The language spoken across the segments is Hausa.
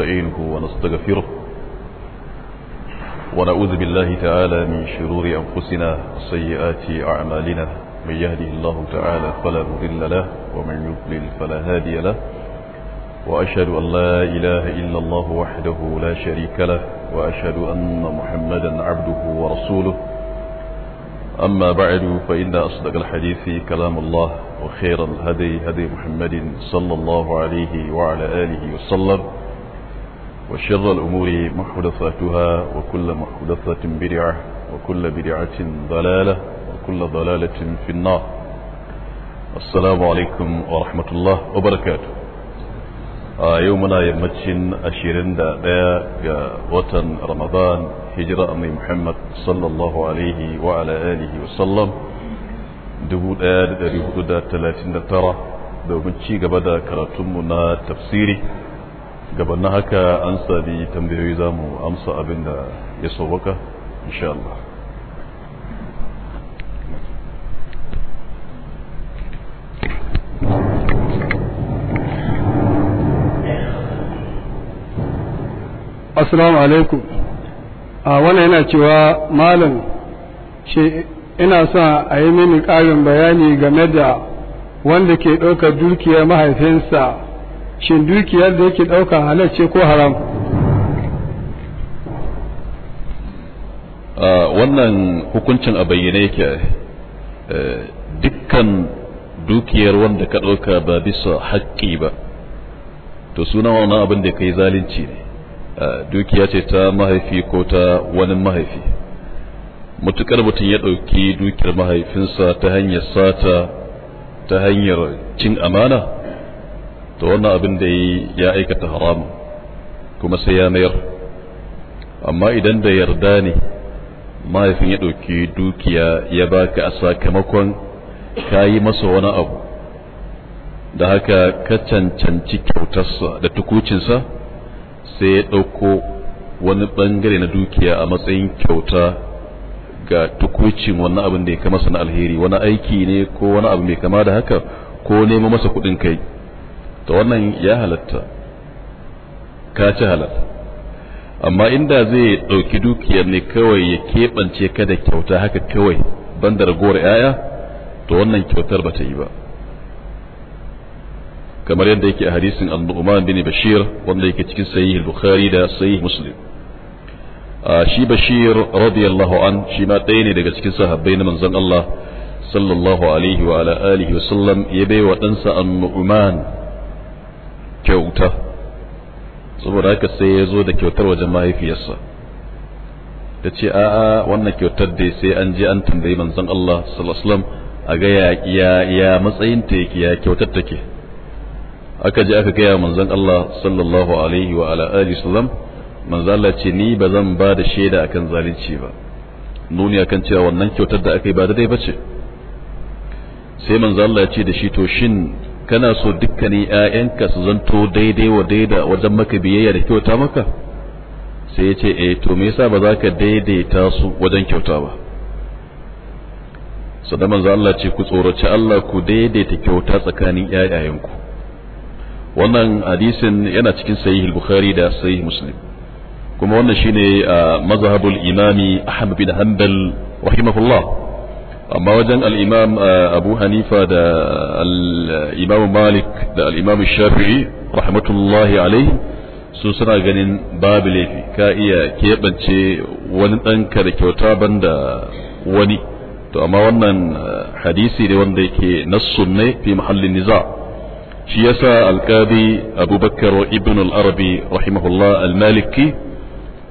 نستعينه ونستغفره ونعوذ بالله تعالى من شرور أنفسنا وسيئات أعمالنا من يهده الله تعالى فلا مضل له ومن يضلل فلا هادي له وأشهد أن لا إله إلا الله وحده لا شريك له وأشهد أن محمدا عبده ورسوله أما بعد فإن أصدق الحديث كلام الله وخير الهدي هدي محمد صلى الله عليه وعلى آله وسلم وشر الأمور محدثاتها وكل محدثة برعة وكل برعة ضلالة وكل ضلالة في النار السلام عليكم ورحمة الله وبركاته يومنا يمتشن أشيرين دا وطن رمضان هجرة أمي محمد صلى الله عليه وعلى آله وسلم دبود آد دا ريهود دا تلاتين دا ترى دا منشي قبدا كراتمنا تفسيري na haka an sami tambayoyi za mu amsa abin da ya sauwaka insha Allah assalamu alaikum a wannan yana cewa malam shi ina son a yi mini ƙarin bayani game da wanda ke ɗaukar dukiyar mahaifinsa shin dukiyar da yake ɗauka halal ce ko haram wannan hukuncin a bayyane yake eh, dukkan dukiyar wanda ka ɗauka ba bisa haƙƙi ba to suna wannan abin da kai zalunci ne dukiya ce ta mahaifi ko ta wani mahaifi mutukar mutum ya ɗauki dukiyar mahaifinsa ta hanyar sata ta hanyar cin amana to wannan abin da ya aikata haramu kuma sai ya mayar amma idan da yarda ne mahaifin ya ɗauki dukiya ya baka a sakamakon ka yi masa wani abu da haka ka cancanci kyautarsa da tukucinsa sai ya ɗauko wani ɓangare na dukiya a matsayin kyauta ga tukucin wani abin da ya kama na alheri wani aiki ne ko wani abu mai kama da haka ko nema masa kuɗin kai to wannan ya halatta ka ci halatta amma inda zai ɗauki dukiyar ne kawai ya keɓance ka da kyauta haka kawai ban da ragowar 'ya'ya to wannan kyautar ba ta yi ba kamar yadda yake a hadisin al-nu'man bin bashir wanda yake cikin sahih bukhari da sahih muslim shi bashir radiyallahu an shi ma ɗaya ne daga cikin sahabbai na manzon Allah sallallahu alaihi wa ala alihi wa sallam ya bai wa ɗansa an-nu'man kyauta saboda haka sai ya zo da kyautar wajen mahaifiyarsa ta ce a'a wannan kyautar dai sai an je an tambayi manzon Allah sallallahu alaihi a ga ya ya matsayin ta yake ya kyautar take aka je aka gaya manzon Allah sallallahu alaihi wa ala alihi sallam manzon Allah ce ni ba zan ba da shaida akan zalunci ba nuni akan cewa wannan kyautar da aka yi ba da dai bace sai manzon Allah ya ce da shi to shin kana so dukkanin ‘ya'yanka su zanto daidai wa daida wajen maka biyayya da kyauta maka sai ya ce e, to me yasa ba za ka daidaita su wajen kyauta ba sada manzo Allah ce ku tsoraci Allah ku daidaita kyauta tsakanin ‘ya'yayenku wannan hadisin yana cikin sahih bukhari da sahih muslim kuma wannan shine ah, mazhabul imami ahmad bin hanbal rahimahullah amma wajen al'imam abu hanifa da al'imam malik da al'imam shafi'i rahmatullahi alaihi su suna ganin babu ka iya keɓance wani ɗanka da kyauta banda wani to amma wannan hadisi ne wanda yake nassun ne fi mahallin niza shi yasa alkadi abubakar wa ibn al-arabi rahimahullah al-maliki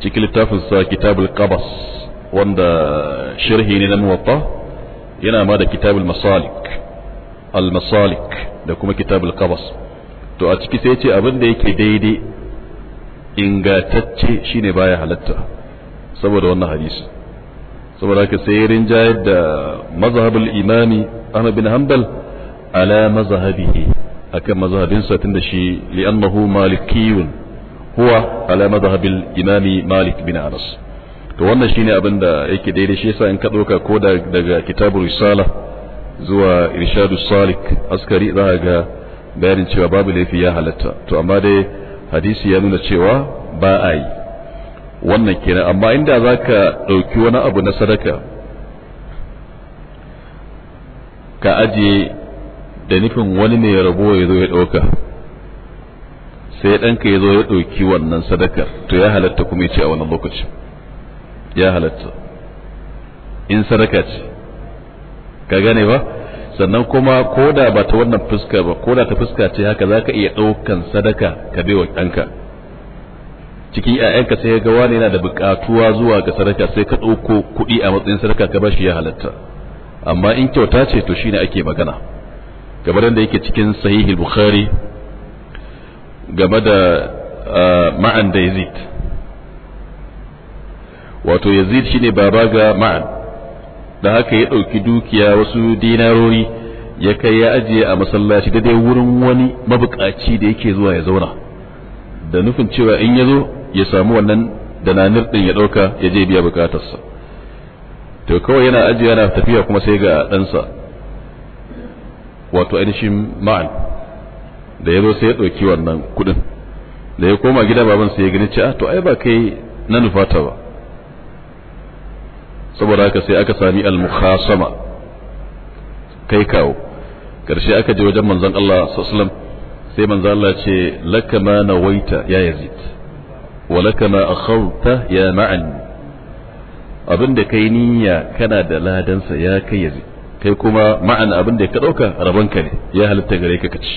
cikin littafinsa kitabul qabas wanda sharhi ne na muwatta yana ma da kitabul masalik al-masalik da kuma kitabul qabas to a ciki sai ce abin da yake daidai ingatacce shine baya halatta saboda wannan hadisi saboda haka sai rinjayar da mazhabul imami Ahmad bin Hanbal ala mazhabihi akan mazhabinsa tunda shi li'annahu malikiyun huwa ala mazhabil imami Malik bin Anas to wannan shine abin da yake daidai shi yasa in ka ɗauka ko daga kitabul risala zuwa irshadu salik askari za ga bayanin cewa babu laifi ya halatta to amma dai hadisi ya nuna cewa ba a yi wannan kenan amma inda za ka ɗauki wani abu na sadaka ka ajiye da nufin wani mai rabo ya zo ya ɗauka sai ɗanka ya zo ya ɗauki wannan sadakar to ya halatta kuma ya ce a wannan lokacin ya halatta in sadaka ce ka gane ba sannan kuma ko da ba ta wannan fuska ba ko da ta fuska ce haka za ka iya ɗaukan sadaka ka bai wa ɗanka cikin ‘ya'yanka sai ga wani yana da buƙatuwa zuwa ga sadaka sai ka ɗauko kuɗi a matsayin sadaka ka bashi ya halatta amma in kyauta ce to shine ake magana game da yake cikin sahihul bukhari game da ah, ma'an da yazid wato yazid shine baba ga ma'an da haka ya ɗauki dukiya wasu dinarori ya kai ya ajiye a masallaci da dai wurin wani mabukaci da yake zuwa ya zauna da nufin cewa in ya zo ya samu wannan dananir din ya ɗauka ya je biya bukatarsa to kawai yana ajiye yana tafiya kuma sai ga ɗansa wato ainihin ma'an da ya zo sai ya ɗauki wannan kuɗin da ya koma gida baban sai ya gani cewa ah, to ai ba kai na nufata ba saboda haka sai aka sami al-mukhasama kai kawo karshe aka je wajen manzon Allah sallallahu sai manzon Allah ce laka ma nawaita ya yazid wa laka ma ya ma'an abin kai niyya kana da ladansa ya kai yazid kai kuma ma'an abinda ka dauka rabon ne ya halitta gare ka kaci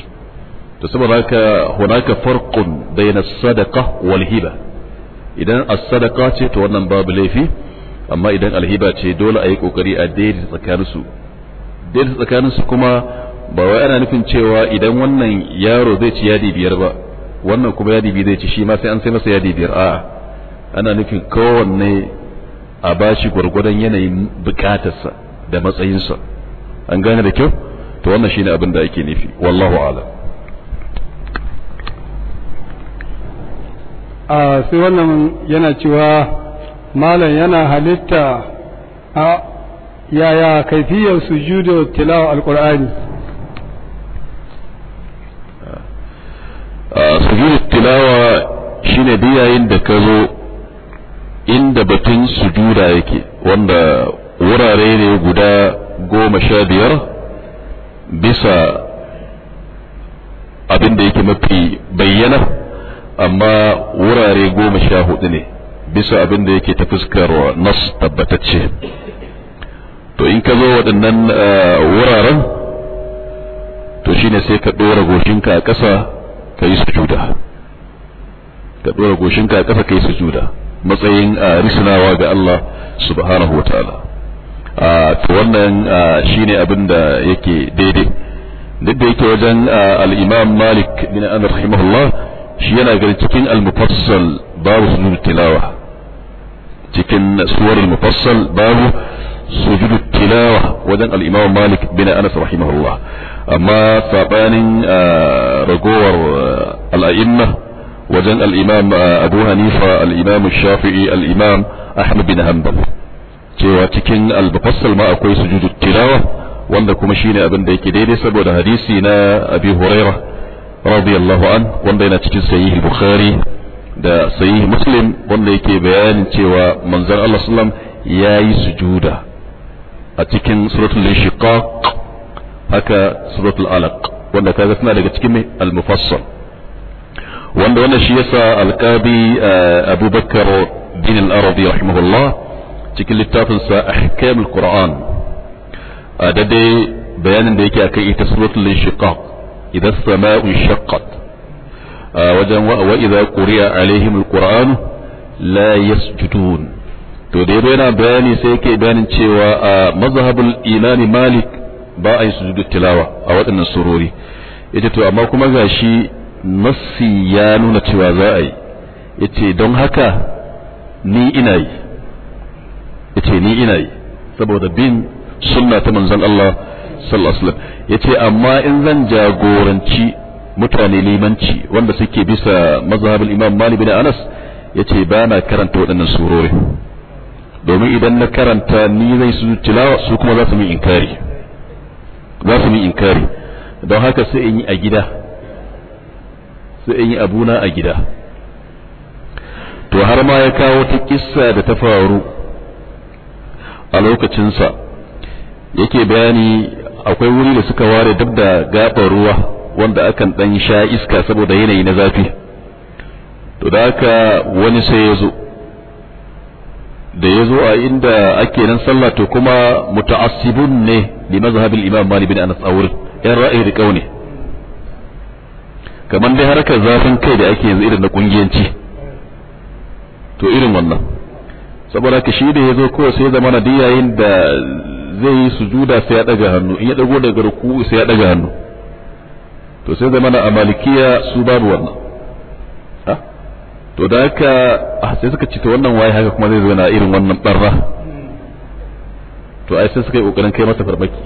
to saboda haka hunaka farqun bayna as-sadaqa wal hiba idan as-sadaqa ce to wannan babu laifi amma idan alhiba ce dole a yi kokari a daidaita tsakaninsu daidaita tsakaninsu kuma ba wai ana nufin cewa idan wannan yaro zai ci yadi biyar ba wannan kuma yadi biyar zai ci shi ma sai an sai masa yadi biyar a'a ana nufin kowanne a bashi gwargwadon yanayin bukatarsa da matsayinsa an gane da kyau to wannan shine abin da ake nufi wallahu a'lam a sai wannan yana cewa malam yana halitta a yaya kaifiyar sujudu tilawa alqur'ani sujudu tilawa shine yayin da ka zo inda batun sujuda yake wanda wurare ne guda goma sha biyar bisa abin da yake mafi bayyana amma wurare goma sha hudu ne bisa abin da yake ta fuskar nas tabbatacce to in ka zo waɗannan eh, wuraren to shine sai ka ɗora goshinka a ƙasa ka yi sujuda ka ɗora goshinka a ƙasa ka yi sujuda matsayin eh, risinawa ga Allah subhanahu wa ta'ala ah, to wannan eh, shine abin da yake daidai duk da yake wajen al malik bin anas shi yana ganin cikin al-mufassal babu sujudu tilawa تكن سور المفصل باب سجود التلاوة ودن الإمام مالك بن أنس رحمه الله أما فبان آه، رجور آه، الأئمة ودن الإمام آه، أبو هنيفة الإمام الشافعي الإمام أحمد بن هنبل جوا تكن المفصل ما أقول سجود التلاوة وأن كمشين أبن ديك ديدي سبود حديثنا أبي هريرة رضي الله عنه وأن بين تكن سيه البخاري da sahih muslim wanda yake bayanin cewa manzon Allah sallam ya yi sujuda a cikin suratul inshiqaq haka suratul alaq wanda kaga tana daga cikin al-mufassal wanda wannan shi yasa al alqabi abubakar bin al-arabi rahimahullah cikin littafin sa ahkam al qur'an a dade bayanin da yake akan ita suratul inshiqaq idan sama'u shaqqat wajen wa idza quriya alaihim alquran la yasjudun to dai-dai yana bayani sai yake bayanin cewa a mazhabul imam malik ba a yi sujudu tilawa a waɗannan surori yace to amma kuma gashi nassi ya nuna cewa za a yi yace don haka ni ina yi yace ni ina yi saboda bin sunna ta manzon Allah sallallahu alaihi wasallam yace amma in zan jagoranci mutane limanci wanda suke bisa mazhabin imam malik bin anas yace ba na karanta waɗannan surori domin idan na karanta ni zai su tilawa su kuma za su min inkari za su min inkari don haka sai in yi a gida sai in yi abuna a gida to har ma ya kawo ta kissa da ta faru a lokacinsa yake bayani akwai wuri da suka ware duk da gaɓar ruwa wanda akan ɗan sha iska saboda yanayi na zafi to da haka wani sai ya zo da ya zo a inda ake nan sallah to kuma muta'assibun ne li mazhabil imam malik bin anas awur yan ra'ayi riƙau ne kamar dai harkar zafin kai da ake yanzu irin na kungiyanci to irin wannan saboda ka shi da ya zo kawai sai zama na yayin da zai yi sujuda sai ya daga hannu in ya dago daga ruku sai ya daga hannu to sai mana a malikiya su babu wannan to da haka ah, sai suka ci ta wannan waye haka kuma zai na irin wannan barra to ai sai suka yi kokarin kai masa farmaki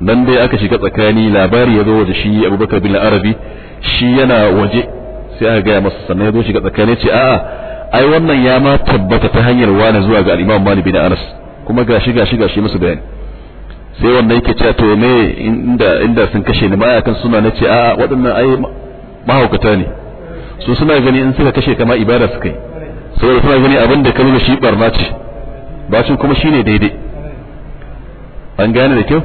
nan dai aka shiga tsakani labari ya zo waje shi Abubakar bin Arabi shi yana waje sai aka gaya masa sannan ya zo shiga tsakani ce a'a ai wannan ya ma tabbata ta hanyar wani zuwa ga al'imam mani bin Anas kuma gashi gashi gashi musu bayani sai wannan yake cewa to me inda inda sun kashe ni baya kan suna nace a waɗannan ai mahaukata ne su suna gani in suka kashe kama ibada suka yi saboda suna gani abin da kalma shi barna ce bacin kuma shine daidai an gane da kyau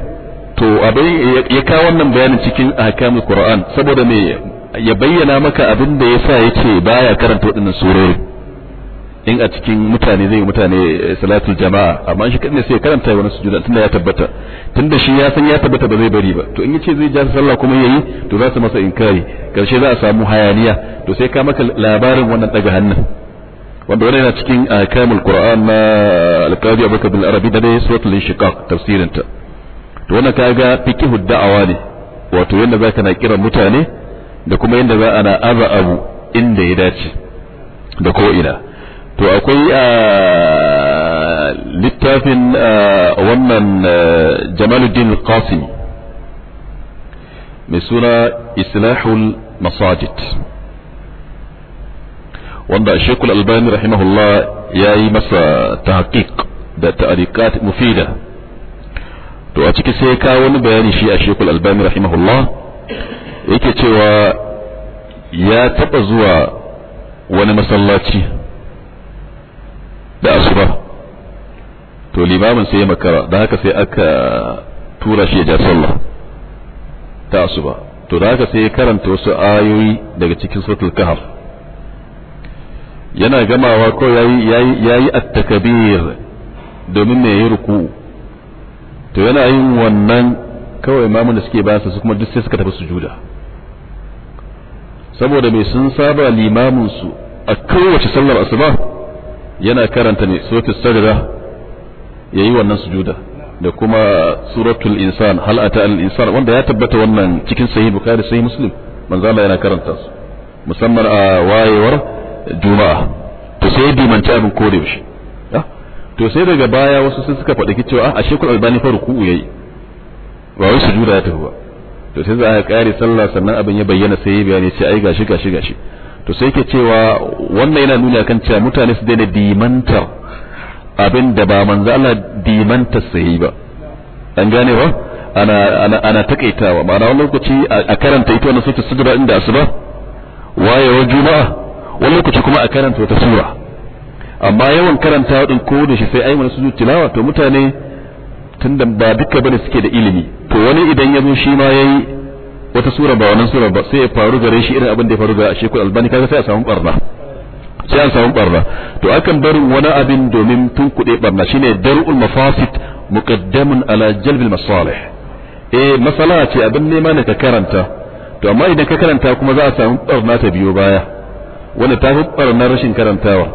to abin ya kawo wannan bayanin cikin ahkamul qur'an saboda me ya bayyana maka abin da yasa yace baya karanta waɗannan surori in a cikin mutane zai mutane eh, salatul jama'a amma shi kadai sai karanta wani sujuda tunda ya tabbata da shi ya san ya tabbata ba zai bari ba to in yace zai ja sallah kuma yayi to za su masa inkari karshe za a samu hayaniya to sai ka maka labarin wannan daga hannun wanda wannan yana cikin ah, kamul qur'an na ah, al-qadi abubakar bin arabi da dai suratul inshiqaq tafsirin ta to wannan kaga fiqhu da'awa ne wato yanda zaka na kiran mutane da kuma yanda za ana aza abu inda ya dace da ko ina to akwai a littafin wannan jamaluddin qasim mai suna islahul masajid wanda shekul albani rahimahullah ya yi masa tahqiq da ta'arikat mufida to a ciki sai kawo wani bayani shi a shekul albani rahimahullah yake cewa ya taba zuwa wani masallaci da asuba to limamin sai ya makara da haka sai aka tura shi ya sallah ta asuba to da haka sai ya karanta wasu ayoyi daga cikin suratul kahf yana gamawa ko yayi yayi yayi at-takbir domin ne ya ruku to yana yin wannan kawai imamun da suke bayansa su kuma duk sai suka tafi sujuda saboda mai sun saba limamin su a kowace sallar asuba yana karanta ne suratul sajda yayi wannan sujuda da kuma suratul insan hal ata al insan wanda ya tabbata wannan cikin sahih bukhari sahih muslim manzo Allah yana karanta su musamman a wayewar juma'a to sai dimanci abin kore shi ah, to sai daga baya wasu sun suka faɗi cewa a ah, shekul albani fa ruku'u yayi ba wai sujuda ya tafi ba to sai za a kare sallah sannan abin ya bayyana sai ya bayani sai ai gashi gashi gashi to sai ke cewa wannan yana nuna kan cewa mutane su daina dimantar abin da ba manzo Allah dimantar sai ba an gane ba ana ana ana takaitawa ma'ana wani lokaci a karanta ita wannan sura sura inda asuba wayewar juma'a wani lokaci kuma a karanta wata sura amma yawan karanta din ko da shi sai ayi wani sujud tilawa to mutane tunda ba duka bane suke da ilimi to wani idan ya zo shi ma yayi wata sura ba wannan sura ba sai ya faru gare shi irin abin da ya faru ga Sheikhul Albani kaga sai a samu barna sai an samu barna to akan barin wani abin domin tun kuɗe barna shine dar'ul mafasid muqaddamun ala jalbil masalih eh masala ce abin nema ne ka karanta to amma idan ka karanta kuma za a samu barna ta biyo baya wanda ta fi barna rashin karantawa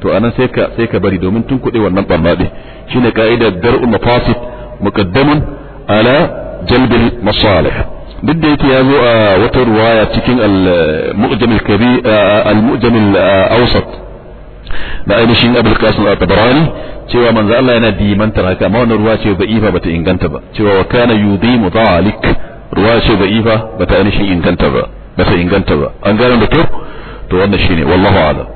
to anan sai ka sai ka bari domin tun kuɗe wannan barna din shine ka'idar dar'ul mafasid muqaddamun ala jalbil masalih duk da yake ya zo a wata ruwaya cikin al-mu'jam al-kabir al-mu'jam al-awsat da ainihin abul qasim al-tabarani cewa manzo Allah yana dimanta haka amma wannan ruwa ce da'ifa bata inganta ba cewa wa kana yudimu dalik ruwa ce da'ifa bata ainihin inganta ba bata inganta ba an gane da to to wannan shine wallahu a'lam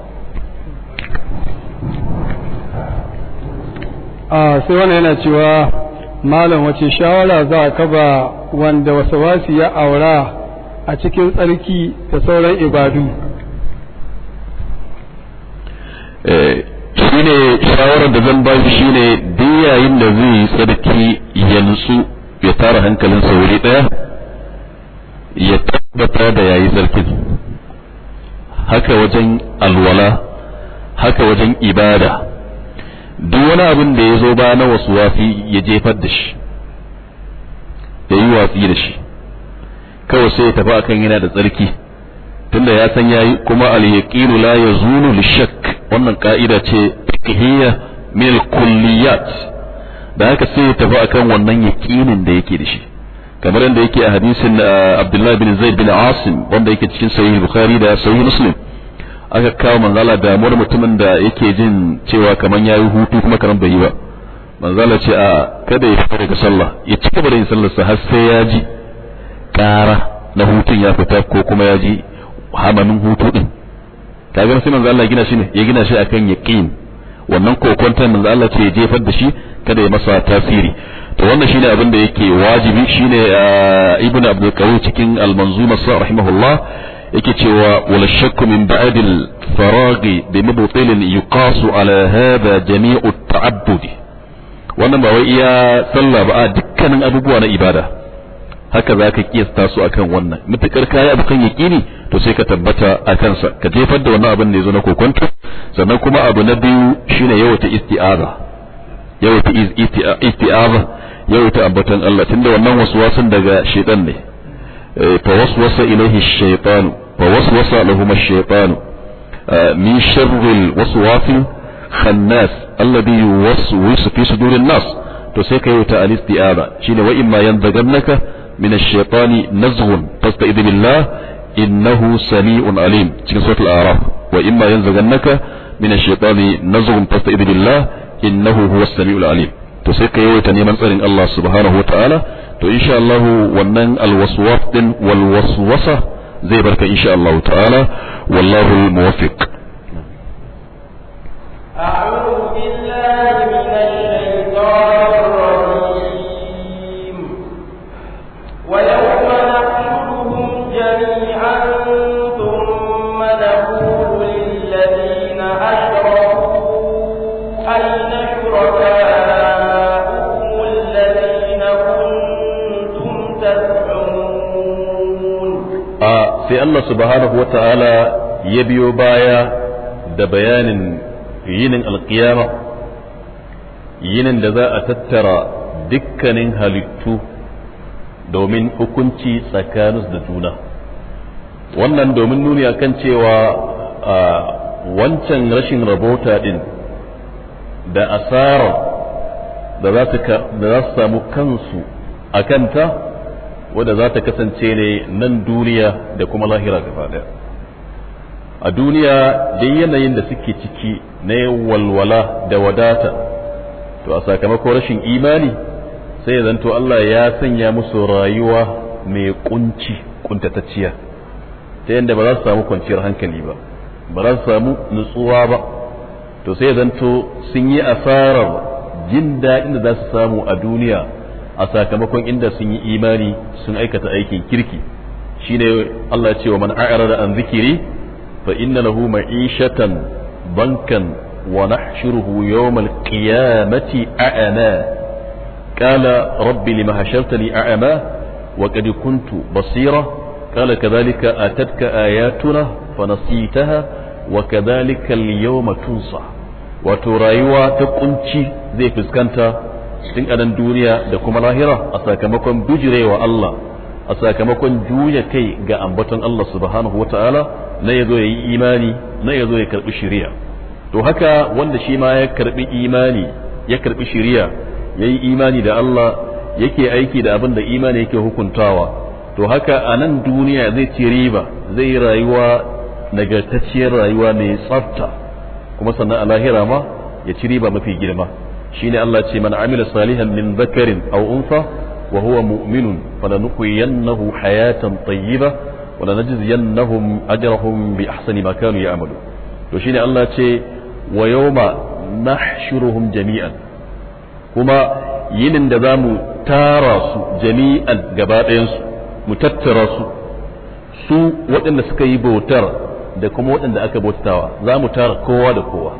a sai wannan yana cewa malam wace shawara za ka ba wanda wasawasi ya aura a cikin tsarki da sauran ibadu eh, ne shawarar da zan bashi shine ne yayin da zai yi tsarki yanzu ya tara hankalin sauri ɗaya ya tabbata da yayi tsarkin haka wajen alwala haka wajen ibada duk wani abin da ya zo ba na wasu wafi ya jefar da shi ya yi watsi da shi kawai sai ya tafi akan yana da tsarki tunda ya san yayi kuma al-yaqinu la yazulu lishak wannan ka'ida ce fiqhiyya min kulliyat da haka sai ya tafi akan wannan yaqinin da yake da shi kamar yadda yake a hadisin uh, Abdullah bin Zaid bin Asim wanda yake cikin sahih Bukhari da sahih Muslim aka kawo manzala damuwar mutumin da yake jin cewa kaman yayi hutu kuma kaman bai yi ba manzala ce a kada ya fita daga sallah ya ci gaba da yin sallarsa har sai ya ji ƙara na hutun ya fita ko kuma ya ji hamanin hutu din ta ga sai manzala gina shi ne ya gina shi akan yaqin wannan kokonta manzo manzala ce ya jefar da shi kada ya masa tasiri to wannan shine abin da yake wajibi shine ibn abdul qawi cikin al-manzuma sa rahimahullah yake cewa wala shakku min ba'd al da bi mubtil yuqasu ala hadha jami'u at-ta'abbudi wannan ba wai iya sallah ba a dukkanin abubuwa na ibada haka za ka kiyasta su akan wannan mutukar kayi abu kan yaƙini to sai ka tabbata a kansa ka jefar da wannan abin da yazo na kokonto sannan kuma abu na biyu shine yawata isti'aza yawata isti'aza yawata ambatan Allah tunda wannan waswasan daga shaytan ne fa waswasa ilaihi shaytan fa waswasa lahum shaytan min sharril al-waswasil khannas الذي يوسوس في صدور الناس تسيك يتعالي استئابة شين وإما ينذغنك من الشيطان نزغ فاستئذ بالله إنه سميع عليم شين صوت الأعراف وإما ينذغنك من الشيطان نزغ فاستئذ بالله إنه هو السميع العليم تسيك يتعالي من أرن الله سبحانه وتعالى تو إن شاء الله ونن الوسوات والوسوسة زي بركة إن شاء الله تعالى والله الموفق أعوذ sai Allah subhanahu wa ta'ala ya biyo baya da bayanin yinin alkiyama yinin da za a tattara dukkanin halittu domin hukunci tsakanin da juna wannan domin nuni kan cewa a wancan rashin rabota din da asarar da za su samu kansu a kanta wadda za ta kasance ne nan duniya da kuma lahira gaba daya a duniya don yanayin da suke ciki na walwala da wadata to a sakamakon rashin imani sai ya zanto Allah ya sanya musu rayuwa mai kunci kuntatacciya ta yadda ba za su samu kwanciyar hankali ba ba za su samu nutsuwa ba to sai ya zanto sun yi asarar jin daɗin da za su samu a duniya a sakamakon inda sun yi imani sun aikata aikin kirki shine Allah ce wa man a'rada an zikiri fa inna lahu ma'ishatan bankan ونحشره يوم القيامة أعمى قال رب لما هشرتني أعمى وقد كنت بصيرا قال كذلك أتتك آياتنا فنسيتها وكذلك اليوم تنصى وترايوا تقنشي زي فسكنتا tun anan duniya da kuma lahira a sakamakon bijirewa Allah a sakamakon juya kai ga ambaton Allah subhanahu wata'ala na ya zo ya yi imani na ya zo ya karɓi shari'a to haka wanda shi ma ya karbi imani ya karbi shiriya yayi imani da Allah yake aiki da abin da imani yake hukuntawa to haka a nan duniya zai ci riba zai rayuwa nagartacciyar rayuwa mai tsafta kuma sannan a lahira ma ya ci riba mafi girma shine Allah ce man amila salihan min zakarin aw unsa wa huwa mu'minun falanuhyiyannahu hayatan tayyibah wa lanajziyannahum ajrahum bi ahsani ma kanu ce Wayoma yawma nahshuruhum jami'an kuma yinin da za mu tara su jami'an gaba ɗayansu mu tattara su su waɗanda suka yi bautar da kuma waɗanda aka bautawa za mu tara kowa da kowa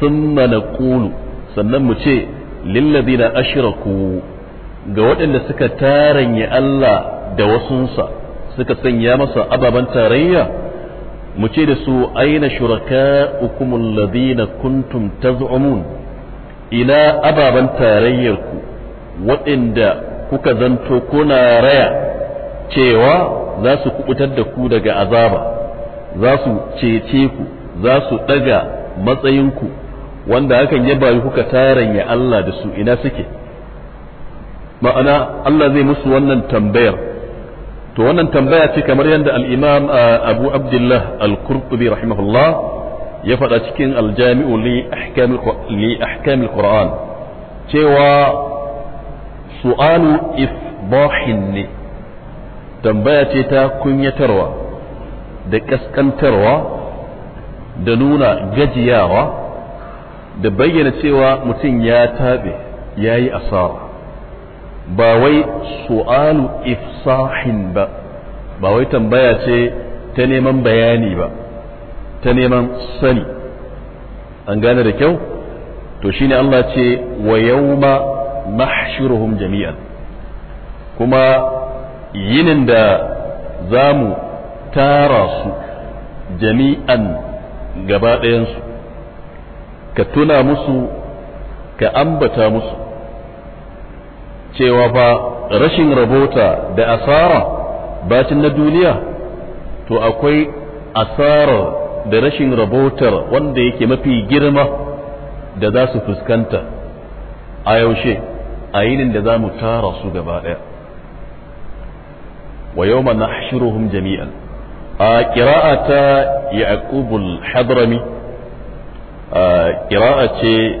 sun mana ƙulu sannan mu ce lillazina ashiraku ga waɗanda suka taranya Allah da wasunsa suka sanya masa ababen tarayya mu ce da su aina shuraka'ukum ladina kuntum taz'umun ila ababan tarayyarku waɗanda kuka zanto ko na raya cewa za su kubutar da ku daga azaba za su cece ku za su ɗaga ku? wanda hakan ya bayu kuka taranya Allah da su ina suke ma'ana Allah zai musu wannan tambayar to wannan tambaya ce kamar yadda alimam imam uh, abu abdullah al-qurtubi rahimahullah ya faɗa cikin aljamiu jamiu li ahkam al-qur'an cewa su'alu ifdahin ne tambaya ce ta kunyatarwa da ƙasƙantarwa da nuna gajiyawa da bayyana cewa mutum ya taɓe ya yi asara ba wai su'alu ifsahin ba ba wai tambaya ce ta neman bayani ba ta neman sani an gane da kyau to shine Allah ce wa yauma mahshuruhum jami'an kuma yinin da za mu tara su jami'an gaba ɗayansu ka tuna musu ka ambata musu cewa fa rashin rabota da asara bacin na duniya to akwai asarar da rashin rabotar wanda yake mafi girma da za su fuskanta a yaushe a yinin da za mu tara su gaba ɗaya wa yau mana jami'an a ƙira'a ta yaƙubul hadrami a ƙira'a ce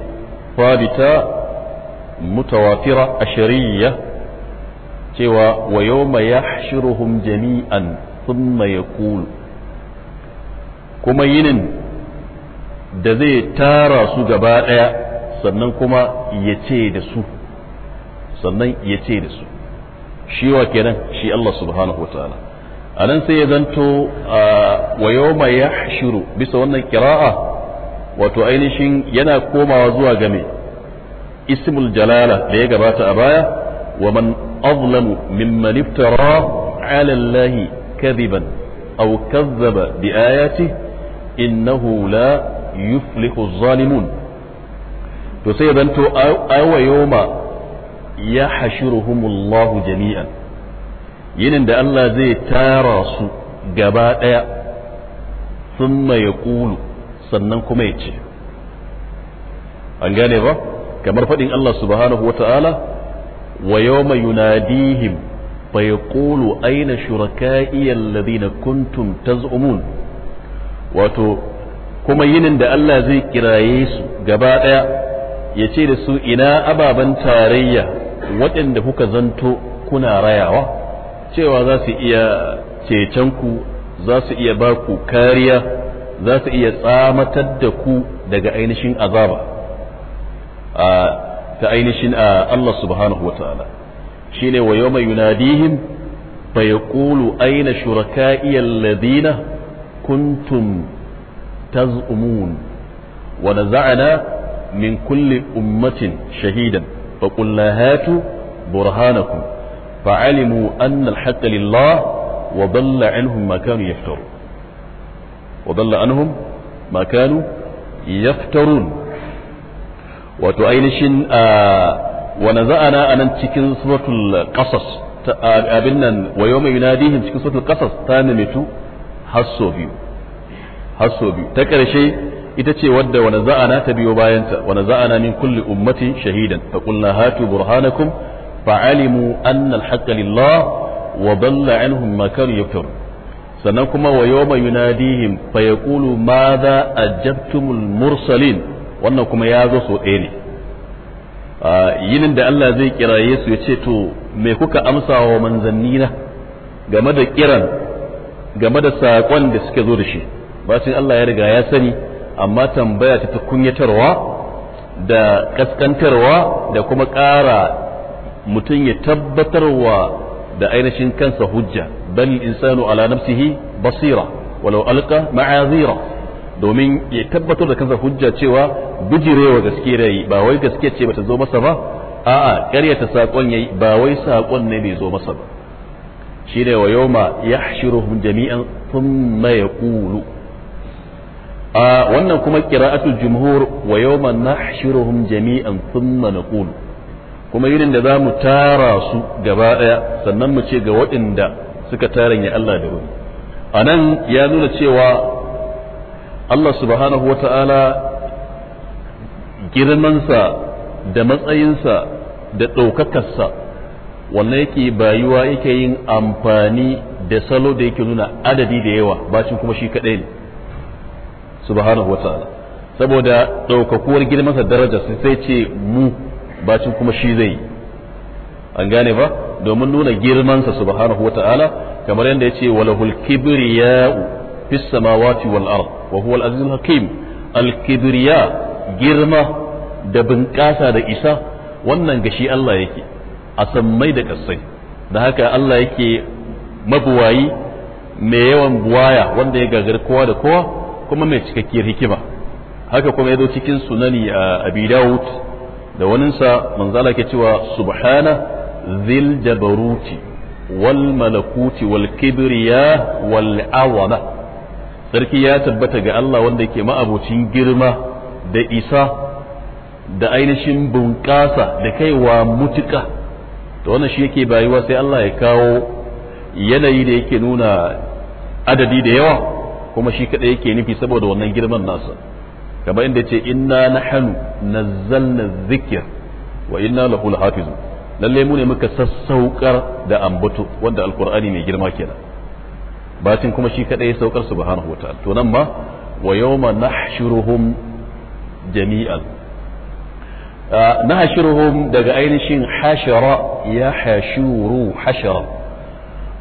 fabita mutawatira ashiriyya cewa wa yawma yahshuruhum jami'an thumma yaqul kuma yinin da zai tara su gaba daya sannan kuma ya ce da su sannan ya ce da su shi wa kenan shi Allah subhanahu wataala a nan sai ya zanto wa yawma yahshuru bisa wannan kira'a wato ainihin yana komawa zuwa game ismul jalala da ya gabata a baya wa man azlamu mimman iftara ala allahi kadiban aw kazzaba bi ayatihi innahu la yuflihu zalimun to sai zanto awa yoma ya hashiruhumullahu jami'an yinin da Allah zai tara su gaba ɗaya sun ya ƙulu sannan kuma ya ce an gane ba kamar faɗin Allah subhanahu wa ta'ala wa yawma yunadihim fa yaqulu aina shuraka'iya alladhina kuntum taz'umun wato kuma yinin da Allah zai kiraye su gaba ɗaya ya ce da su ina ababen tarayya waɗanda kuka zanto kuna rayawa cewa za su iya cecenku za su iya ba ku kariya za su iya tsamatar da ku daga ainihin azaba ta ainihin Allah subhanahu wa ta'ala shine wa yawma yunadihim fa yaqulu aina shuraka'iya alladhina kuntum taz'umun wa naza'na min kulli ummatin shahidan fa qulna hatu burhanakum fa'alimu anna al-haqqa lillah وضل عنهم ما كانوا يفترون وضل عنهم ما كانوا يفترون wato ainihin a wani za'ana a nan cikin suratul ta abin nan wa yawma yunadihim cikin suratul qasas ta nimitu hasso biyu hasso biyu ta karshe ita ce wadda wani za'ana ta biyo bayanta wani za'ana min kulli ummati shahidan ta qulna hatu burhanakum fa'alimu anna al-haqqa lillah wa dalla anhum ma kanu yaftarun sannan kuma wa yawma yunadihim fa yaqulu madha ajabtumul mursalin wannan kuma ya zo so ɗaya ne yinin da Allah zai kiraye su ya ce to me kuka amsa wa manzanni na game da kiran game da saƙon da suke zo da shi bacin Allah ya riga ya sani amma tambaya ta ta kunyatarwa da kaskantarwa da kuma ƙara mutum ya tabbatarwa da ainihin kansa hujja bal insanu ala nafsihi basira walau alqa ma'azira domin ya tabbatar da kansa hujja cewa bijirewa gaske da yi ba wai gaske ce bata zo masa ba a'a ƙaryata saƙon yayi ba wai saƙon ne bai zo masa ba shine wa yawma yahshuruhum jami'an thumma yaqulu a wannan kuma qira'atul jumhur wa yawma nahshuruhum jami'an thumma naqulu kuma yinin da zamu tara su gaba daya sannan mu ce ga waɗanda suka ya Allah da wani anan ya nuna cewa Allah subhanahu wa ta'ala girmansa da matsayinsa da ɗaukakarsa wannan yake bayuwa yake yin amfani da salo da yake nuna adadi da yawa bacin kuma shi kaɗai ne subhanahu wa ta'ala saboda ɗaukakuwar girmansa daraja sai ce mu bacin kuma shi zai an gane ba domin nuna girmansa subhanahu wa ta'ala kamar yadda ya ce walahul kibriya'u في السماوات والأرض وهو العزيز الحكيم الكبرياء جرمة دبن كاسا دا إسا wannan gashi Allah yake a sammai da ƙasai da haka Allah yake mabuwayi mai yawan buwaya wanda ya gagar kowa da kowa kuma mai cikakkiyar hikima haka kuma ya zo cikin sunani a abi dawud da waninsa manzala ke cewa subhana zil jabaruti wal malakuti wal kibriya wal Sarki ya tabbata ga Allah wanda yake ma'abocin girma da isa da ainihin bunƙasa da kaiwa mutuƙa to wannan shi yake bayuwa sai Allah ya kawo yanayi da yake nuna adadi da yawa kuma shi kaɗai yake nufi saboda wannan girman nasa kamar inda ce inna nahnu nazzalna dhikr wa inna lahu lahafizun lalle mu ne muka sassauƙar da ambato wanda alqur'ani mai girma kenan bacin kuma shi kaɗai ya saukar subhanahu wataala to nan ma wa yawma nahshuruhum jami'an nahshuruhum daga ainihin hashara ya hashuru hashara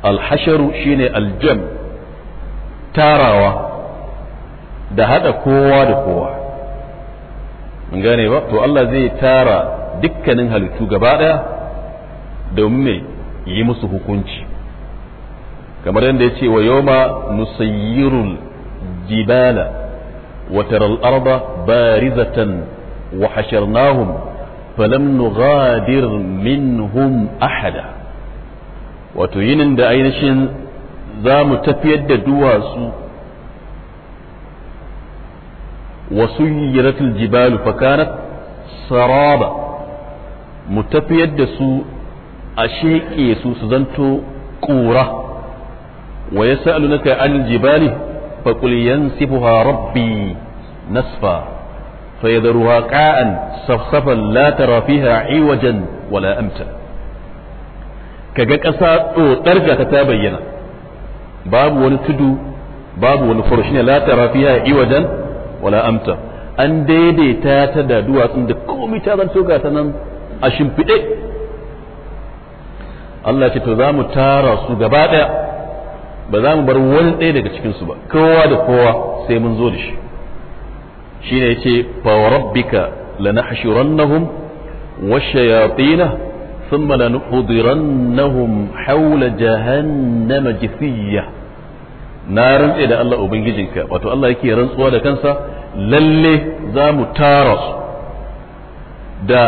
Alhasharu shi shine aljam tarawa da haɗa kowa da kowa mun gane ba to Allah zai tara dukkanin halittu gaba ɗaya domin me yi musu hukunci kamar yadda ya ce wa yoma nusayyirul jibala wa taral arda barizatan wa hasharnahum falam nughadir minhum ahada wato yinin da ainihin za mu tafiyar da duwatsu wa suyyiratul jibalu fakanat saraba mu tafiyar da su a sheƙe su su zanto ƙura wa yas'alunaka anil jibali faqul yansifuha rabbi nasfa fayadharuha qa'an safsafan la tara fiha iwajan wala amta kaga ƙasa tsotsar ga ta bayyana babu wani tudu babu wani furo shine la tara fiha iwajan wala amta an daidaita ta da duwatsun da komai ta zanto ga ta nan a shimfiɗe Allah ce to za mu tara su gaba ɗaya ba za mu bar wani ɗaya daga cikinsu ba kowa da kowa sai mun zo da shi shine yace fa rabbika lanahshurannahum washayatin thumma lanuhdirannahum hawla jahannama jithiya na rantse da Allah ubangijinka wato Allah yake rantsuwa da kansa lalle za mu tara da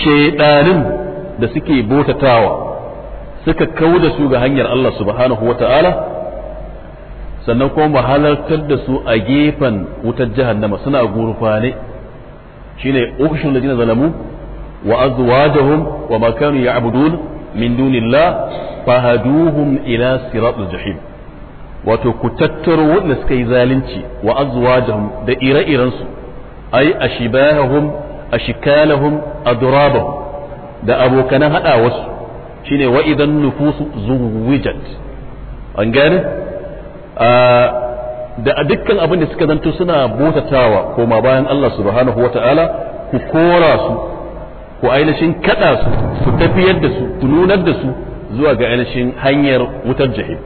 shaidanin da suke botatawa suka kau da su ga hanyar Allah subhanahu wa ta'ala sannan kuma mu halartar da su a gefen wutar jahannama suna gurfane shine ukhshul ladina zalamu wa azwajuhum wa ma ya ya'budun min dunillah fahaduhum ila siratul jahim wato ku tattaro wanda suka yi zalunci wa azwajahum da ire-iren su ai ashibahum ashikalahum adrabahum da abokanan haɗa wasu shine wa idan nufusu zuwijat an gane ah, da dukkan abin da suka zanto suna botatawa koma bayan Allah subhanahu wata'ala ku kora su ku ainihin kada su tafiyar da su ku nunar da su zuwa ga ainihin hanyar wutar jahim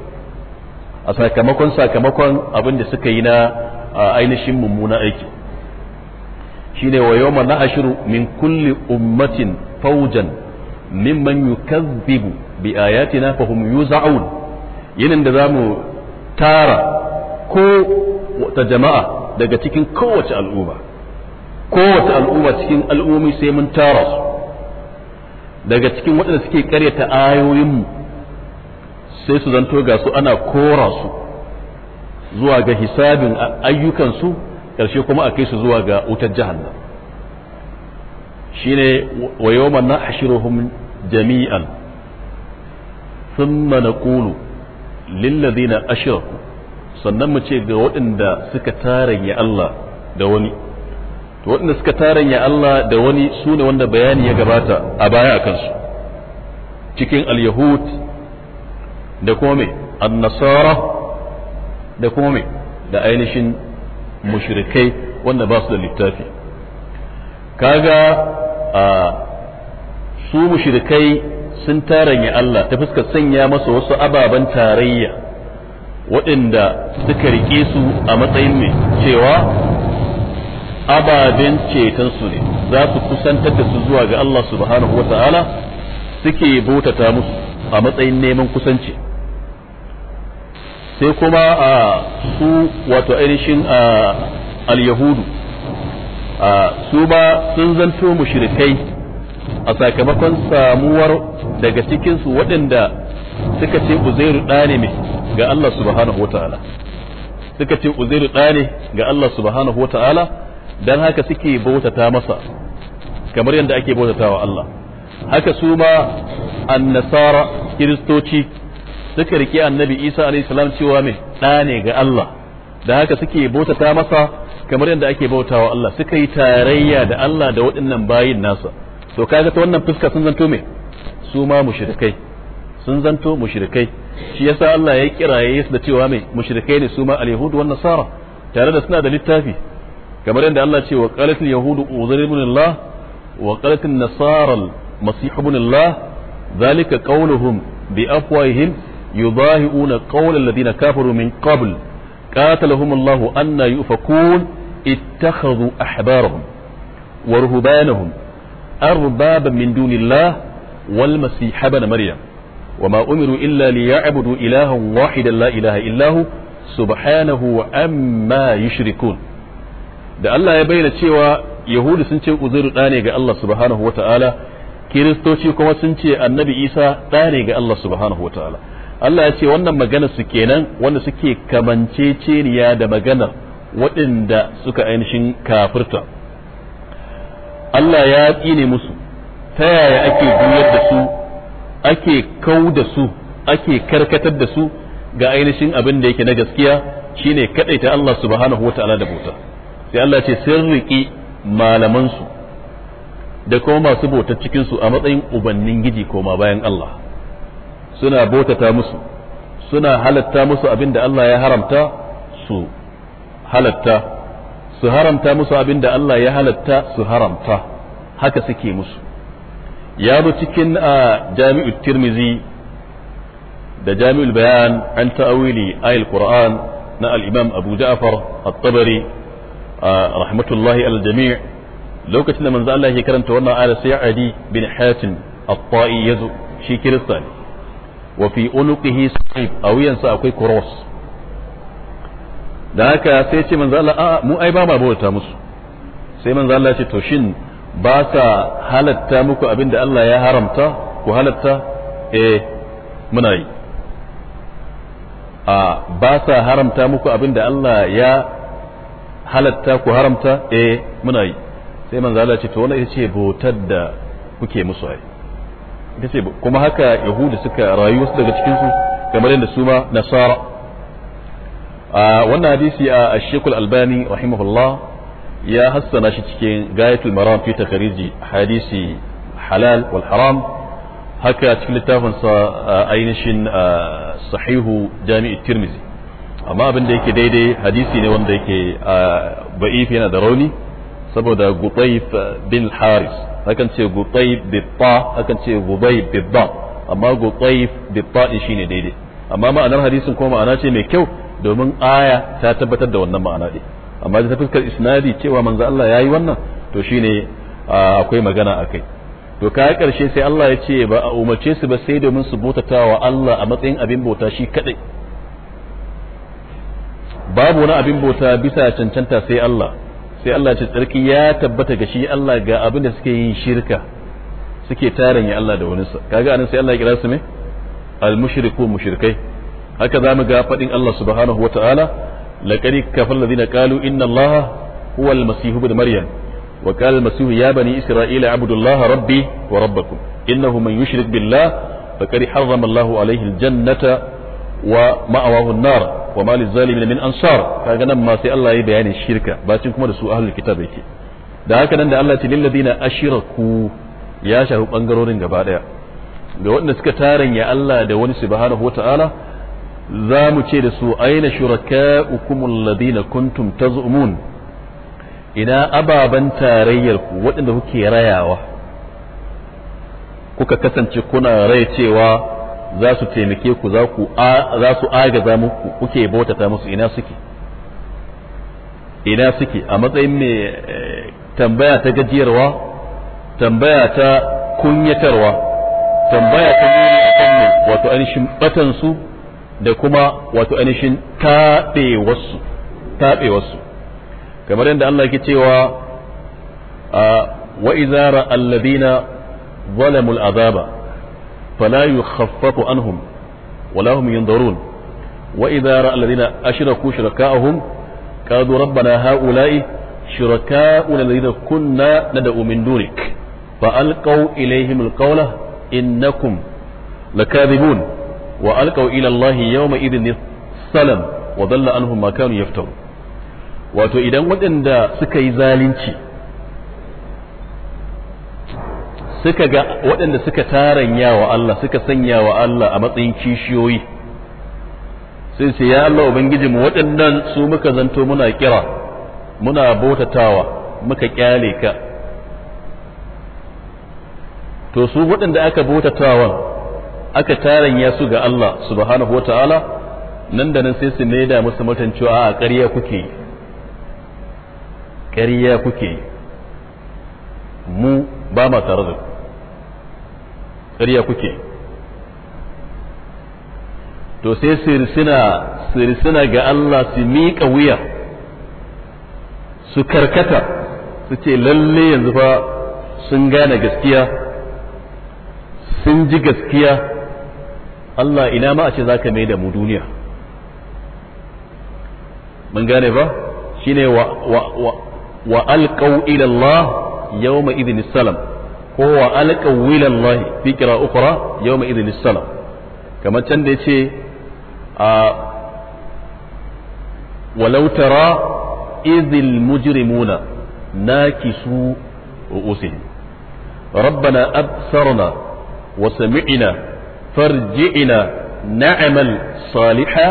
a sakamakon sakamakon abin da suka yi na ah, ainihin mummuna aiki shine wa yawma ashiru min kulli ummatin faujan mimman yukazzibu bi ayatina hum yuza'un yinin da zamu tara ko ta jama'a daga cikin kowace al'umma kowace al'umma cikin al'ummi sai mun tara su daga cikin waɗanda suke karyata mu sai su zanto ga su ana kora su zuwa ga hisabin ayyukansu ƙarshe kuma a kai su zuwa ga wutar jahannam shine wa yawma nahshuruhum jami'an thumma naqulu lil ladina ashraku sannan mu ce ga waɗanda suka taranya Allah da wani to waɗanda suka taranya Allah da wani su ne wanda bayani ya gabata a baya a kansu cikin al-yahud da kuma me an da kuma me da ainihin mushrikai wanda ba su da littafi kaga su mushrikai sun taranya Allah ta fuskar sanya masa wasu ababen tarayya waɗanda suka riƙe su a matsayin mai cewa ababen cetonsu ne za su kusantar da su zuwa ga Allah subhanahu wa suke bautata musu a matsayin neman kusanci sai kuma a su wato ainihin al-yahudu su ba sun zanto mushrikai a sakamakon samuwar daga cikinsu waɗanda suka ce uzairu ɗane ne ga Allah subhanahu wata'ala suka ce uzairu ɗane ga Allah subhanahu wata'ala don haka suke bautata masa kamar yadda ake wa Allah haka su ma annasara kiristoci suka riƙe annabi isa alaihi salam cewa mai ɗane ga Allah da haka suke bautata masa kamar yadda ake bautawa Allah suka yi tarayya da Allah da waɗannan bayin nasa to kaga ta wannan fuska sun zanto me su ma mushrikai sun zanto mushrikai shi yasa Allah ya kiraye su da cewa me mushrikai ne su ma al-yahud nasara tare da suna da littafi kamar yadda Allah ce wa qalatil yahud uzair ibn Allah wa qalatil nasara al-masih ibn Allah zalika qawluhum bi afwahihim yudahi'una qawla alladhina kafaru min qabl قاتلهم الله أن يؤفكون اتخذوا أحبارهم ورهبانهم أربابا من دون الله والمسيح بن مريم وما أمروا إلا ليعبدوا إلها واحدا لا هو سبحانه عما يشركون da Allah ya bayyana cewa Yahudu sun ce Uzairu ɗa ne ga Allah subhanahu wa ta'ala, Kiristoci kuma sun ce annabi Isa ɗa ne ga Allah subhanahu wa ta'ala. Allah ya ce wannan magana su kenan wanda suke kamanceceniya da maganar waɗanda suka ainihin kafirta Allah ya tsine musu ta yaya ake juyar da su ake kau da su ake karkatar da su ga ainihin abin da yake na gaskiya shine kadaita Allah subhanahu wataala da bauta sai Allah ce sun riƙi malamansu da kuma masu bautar cikinsu a matsayin ubannin giji koma bayan Allah suna bautata musu suna halatta musu abin da Allah ya haramta su halatta su haramta musu abin da Allah ya halatta su haramta haka suke musu ya zo cikin a jami'ul tirmizi da jami'ul bayan an ta'awili ayil qur'an na al-imam abu ja'far at-tabari rahmatullahi al-jami' lokacin da manzo Allah ya karanta wannan ayar sai adi bin Hatim at-Ta'i yazo shi kirista ne wa fi unuqihi sayf a wuyansa akwai cross da haka sai ce manzo Allah a mu ai ba ma bauta musu sai manzo Allah ce to shin ba sa halatta muku abin da Allah ya haramta ku halatta eh muna yi a ba sa haramta muku abin da Allah ya halatta ku haramta eh muna yi sai manzo Allah ce to wannan yace ce bautar da kuke musu ai kace kuma haka yahudu suka rayu wasu daga cikin su kamar yadda su ma nasara wannan hadisi a shekul albani rahimahullah ya hassana shi cikin gayatul maram fi takhriji hadisi halal wal haram haka cikin littafin sa ainihin sahihu jami'i tirmizi amma abin da yake daidai hadisi ne wanda yake ba'if yana da rauni saboda gutayf bin haris hakan ce gutayf bi ta hakan ce gutayf bi ba amma gutayf bi ta shine daidai amma ma'anar hadisin ko ma'ana ce mai kyau domin aya ta tabbatar da wannan ma'ana ɗin amma da ta fuskar isnadi cewa manzo Allah ya yi wannan to shine akwai magana a kai to kaya ƙarshe sai Allah ya ce ba a umarce su ba sai domin su bautata wa Allah a matsayin abin bauta shi kaɗai babu wani abin bauta bisa cancanta sai Allah sai Allah ce tsarki ya tabbata ga shi Allah ga abin da suke yin shirka suke tarin ya Allah da wani sa kaga anan sai Allah ya kira su me al mushriku mushrikai haka za mu ga faɗin Allah subhanahu ta'ala laƙari kafin ladina qalu inna Allah huwa al-masih ibn maryam wa qala al ya bani isra'ila abudullaha rabbi wa rabbakum innahu man yushrik billah faqad harrama Allah alayhi al-jannata wa ma'awahu an-nar wa ma lizalimin min ansar kaga nan ma sai Allah ya bayani shirka bacin kuma da su ahlul kitab yake da haka nan da Allah ce lil ladina ashraku ya sharu bangarorin gaba daya ga wanda suka ya Allah da wani subhanahu ta'ala. za mu ce da su aina shuraka'ukum alladhina kuntum taz'umun ina ababan tarayyar ku waɗanda kuke rayawa kuka kasance kuna rai cewa za su taimake ku za ku za su agaza muku kuke bautata musu ina suke ina suke a matsayin mai eh, tambaya ta gajiyarwa tambaya ta kunyatarwa tambaya ta nuni akan wato an batan su da kuma wato ainihin taɓewarsu taɓewarsu kamar yadda Allah ke cewa wa izara alladina zalamul azaba fala yukhaffafu anhum wala hum yanzurun wa idara alladina ashraku shurakaahum qalu rabbana haula'i shurakaa'una alladina kunna nad'u min dunik fa alqaw ilayhim alqawla innakum lakadibun wa alqaw ila Allah yawma idin salam wa dalla anhum ma kanu wato idan waɗanda suka yi zalunci suka ga waɗanda suka taranya wa Allah suka sanya wa Allah a matsayin kishiyoyi sai sai ya Allah ubangijinmu waɗannan su muka zanto muna kira muna bautatawa muka kyale ka to su waɗanda aka bautatawa aka taranya su ga Allah subhanahu wa ta'ala nan da nan sai su da musu mutan cewa a ƙarya kuke ƙarya kuke mu ba ma tare da ƙarya kuke to sai sirsina sirsina ga Allah su miƙa wuya su karkata su ce lalle yanzu fa sun gane gaskiya sun ji gaskiya Allah ina ma a ce za ka mai da mu duniya mun gane ba shine ne wa wa wa yawma salam ko wa alqaw ila Allah fi qira ukhra yawma idhin salam kamar can da yace a walau tara idhil mujrimuna nakisu ru'usihim ربنا أبصرنا وسمعنا farji'ina na'amal saliha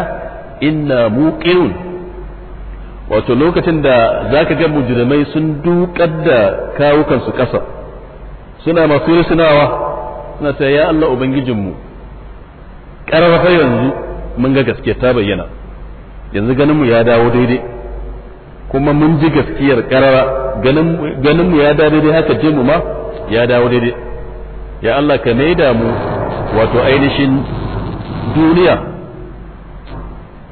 inna muqinun wato lokacin da zaka ga mujrimai sun dukar da kawukansu ƙasa suna masu risinawa suna ta ya Allah ubangijinmu ƙarfafa yanzu mun ga gaske ta bayyana yanzu ganinmu ya dawo daidai kuma mun ji gaskiyar ƙarara ganinmu ya dawo daidai haka jinmu ma ya dawo daidai ya Allah ka maida mu wato ainihin duniya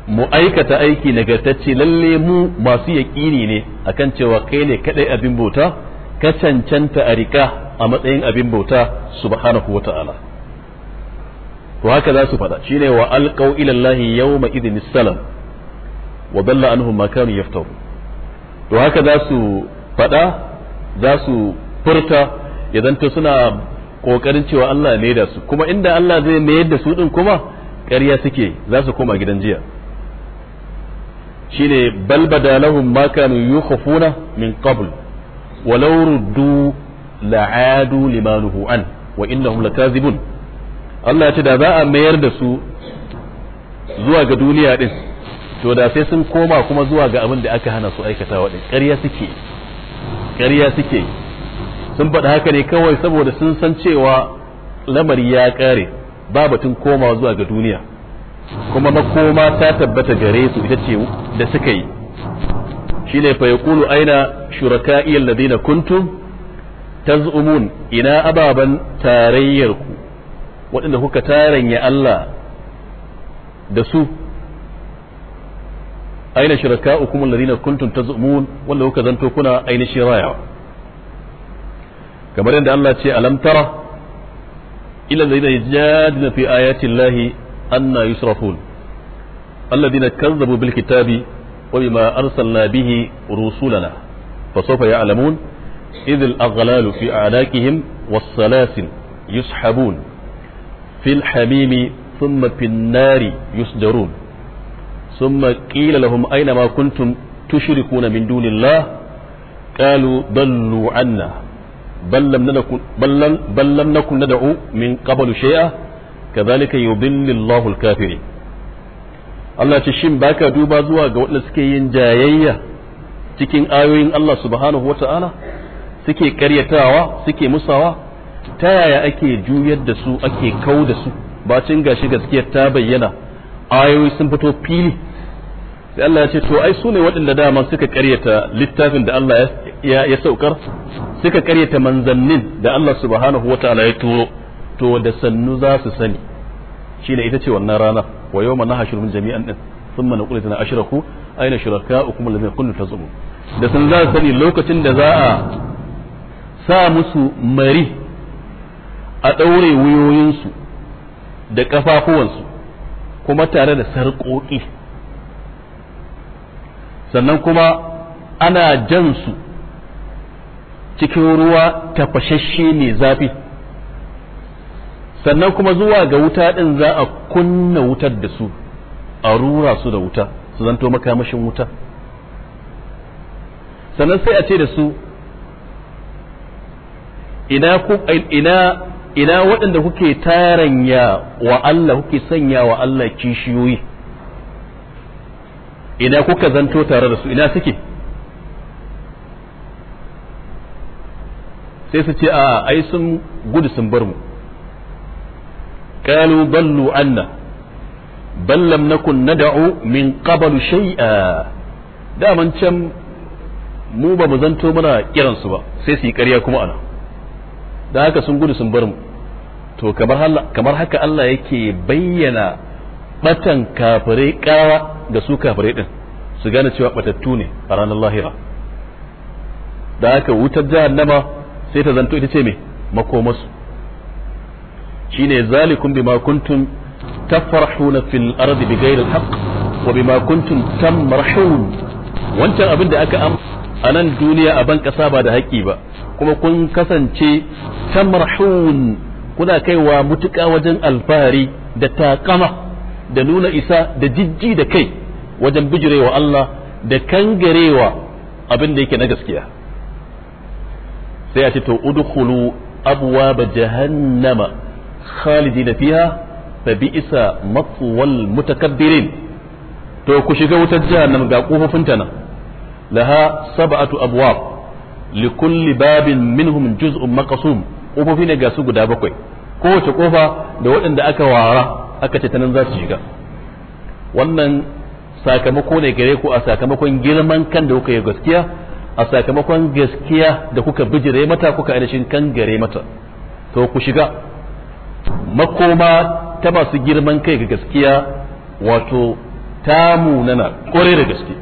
mu aikata aiki nagartacce lalle mu masu yaƙini ne akan cewa kai ne kadai abin bauta ka cancanta a riƙa a matsayin abin bauta subhanahu wa ta'ala to haka za su faɗa shine wa alqaw ila allahi yawma idhin salam wa dalla anhum ma kanu yaftaru to haka za su faɗa za su furta idan to suna kokarin cewa Allah ne da su kuma inda Allah zai mayar da su din kuma ƙarya suke za su koma gidan jiya shine bal badalahum ma kanu yukhfuna min qabl walau ruddu la'adu limanuhu an wa innahum lakazibun Allah ya ce da za a mayar da su zuwa ga duniya din to da sai sun koma kuma zuwa ga abin da aka hana su aikatawa din ƙarya suke ƙarya suke sun faɗa haka ne kawai saboda sun san cewa lamari ya ƙare ba batun komawa zuwa ga duniya kuma makoma ta tabbata gare su ita ce da suka yi shi ne fayakulu aina shuraka shuraka'iyyar ladina kuntum taz'umun ina ababen tarayyarku waɗanda kuka taranya Allah da su aina shuraka shuraka'ukum alladhina kuntum taz'umun wanda kuka zanto kuna ainihin rayawa kamar yadda Allah ce alam tara ila alladhina yajaduna fi ayati llahi anna yusrafun alladhina kazzabu bil kitabi wa bima arsalna bihi rusulana fasawfa ya'lamun idh al aghlalu fi a'naqihim was salasil yushabun fil hamimi ثم في النار يسجرون ثم قيل لهم أين ما كنتم تشركون من دون الله قالوا ضلوا عنا Ballan na nakun nad'u min qablu shay'a kadhalika yudillu Allahu al-kafirin Allah ce shin baka duba zuwa ga waɗanda suke yin jayayya cikin ayoyin Allah subhanahu wata'ala suke karyatawa suke musawa ta yaya ake juyar da su ake kau da su bacin gashi gaskiyar ta bayyana ayoyi sun fito fili sai Allah ya ce to ai sune waɗanda dama suka karyata littafin da Allah ya saukar suka karyata manzannin da Allah subhanahu wataala ya turo to da sannu za su sani shi ne ita ce wannan rana wa yawma nahshurum jami'an din thumma naqulu lana ku aina lamai alladhina ta tazumun da sun za su sani lokacin da za a sa musu mari a ɗaure wuyoyinsu da ƙafafuwansu kuma tare da sarƙoƙi sannan kuma ana jan su cikin ruwa tafashashe mai zafi sannan kuma zuwa ga wuta ɗin za a kunna wutar da su a rura su da wuta su zanto makamashin wuta sannan sai a ce da su ina ina ina waɗanda kuke taranya wa Allah kuke sanya wa Allah kishiyoyi ina kuka zanto tare da su ina suke sai su ce a ai sun gudu sun bar mu qalu ballu anna bal lam nakun nad'u min qabl shay'a da man can mu ba mu zanto mana kiran su ba sai su yi ƙarya kuma ana da haka sun gudu sun bar mu to kamar haka Allah yake bayyana batan kafirai ƙara da su kafirai din su gane cewa batattu ne a ranar lahira da haka wutar jahannama sai ta zanto ita ce me makomasu shine zalikum bima kuntum تفرحون في الأرض بغير wa وبما كنتم تمرحون wancan abin da aka am a nan duniya a ban kasa ba da haƙƙi ba kuma kun kasance tamarhun kuna kaiwa mutuƙa wajen alfahari da taƙama da nuna isa da jijji da kai wajen bijirewa Allah da kangarewa abin da yake na gaskiya sai a ce to udkhulu abwaba jahannama da fiha fa bi'sa matwal mutakabbirin to ku shiga wutar jahannam ga kofofin ta nan laha sab'atu abwab likulli babin minhum juz'un maqsum kofofi ne ga su guda bakwai kowace kofa da waɗanda aka wara aka ce ta nan za su shiga wannan sakamako ne gare ku a sakamakon girman kan da kuka yi gaskiya a sakamakon gaskiya da kuka bijire mata kuka ainihin kan gare mata to ku shiga makoma ta masu girman kai ga gaskiya wato ta munana kore da gaske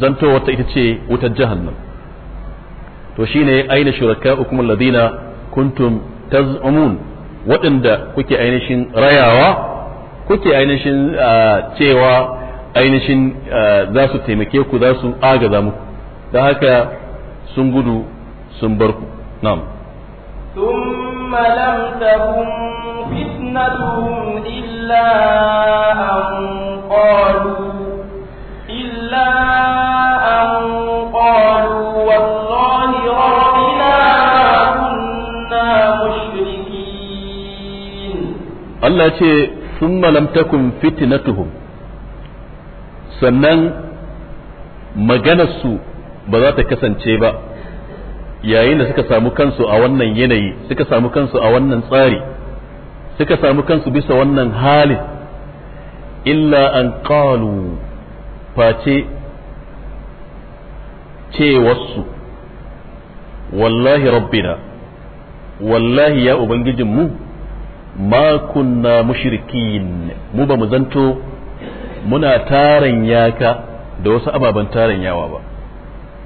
zanto wata ita ce wutar jahannam to shine aina shuraka'ukum alladhina kuntum taz'umun waɗanda kuke ainihin rayawa kuke ainihin ah, cewa ainihin ah, za su taimake ku za su agaza muku da haka sun gudu sun bar ku na'am ثم لم تكن فتنتهم إلا أن قالوا إلا أن قالوا والله ربنا ما كنا مشركين الله ce ثم لم تكن فتنتهم sannan maganarsu ba za ta kasance ba yayin da suka samu kansu a wannan yanayi suka samu kansu a wannan tsari suka samu kansu bisa wannan halin illa an qalu face ce wasu wallahi rabbina wallahi ya ubangijinmu ma kunna mushrikin mu ba mu zanto muna taran yaka da wasu ababen taran yawa ba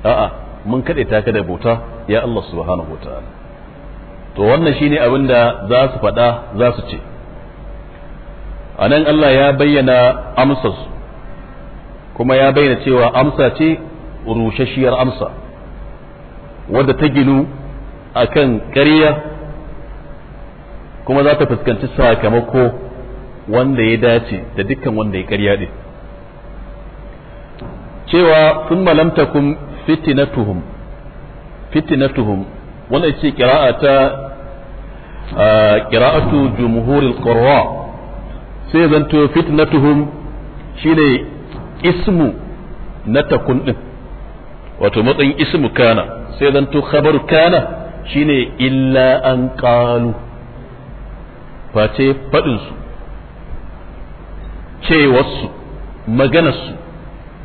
a'a mun kaɗe taka da bauta ya Allah subhanahu wataala to wannan shine abin da za su faɗa za su ce a nan Allah ya bayyana amsarsu kuma ya bayyana cewa amsa ce rushashiyar amsa wadda ta ginu a kan ƙarya kuma za ta fuskanci sakamako wanda ya dace da dukkan wanda ya ƙarya ɗin cewa sun kun. fitinatuhum fitinatuhum wannan ce kira'a ta kira'atu jumhuril qurra sai zanto fitnatuhum shine ismu na takun din wato matsayin ismu kana sai zanto khabar kana shine illa an qalu face faɗin su cewarsu maganarsu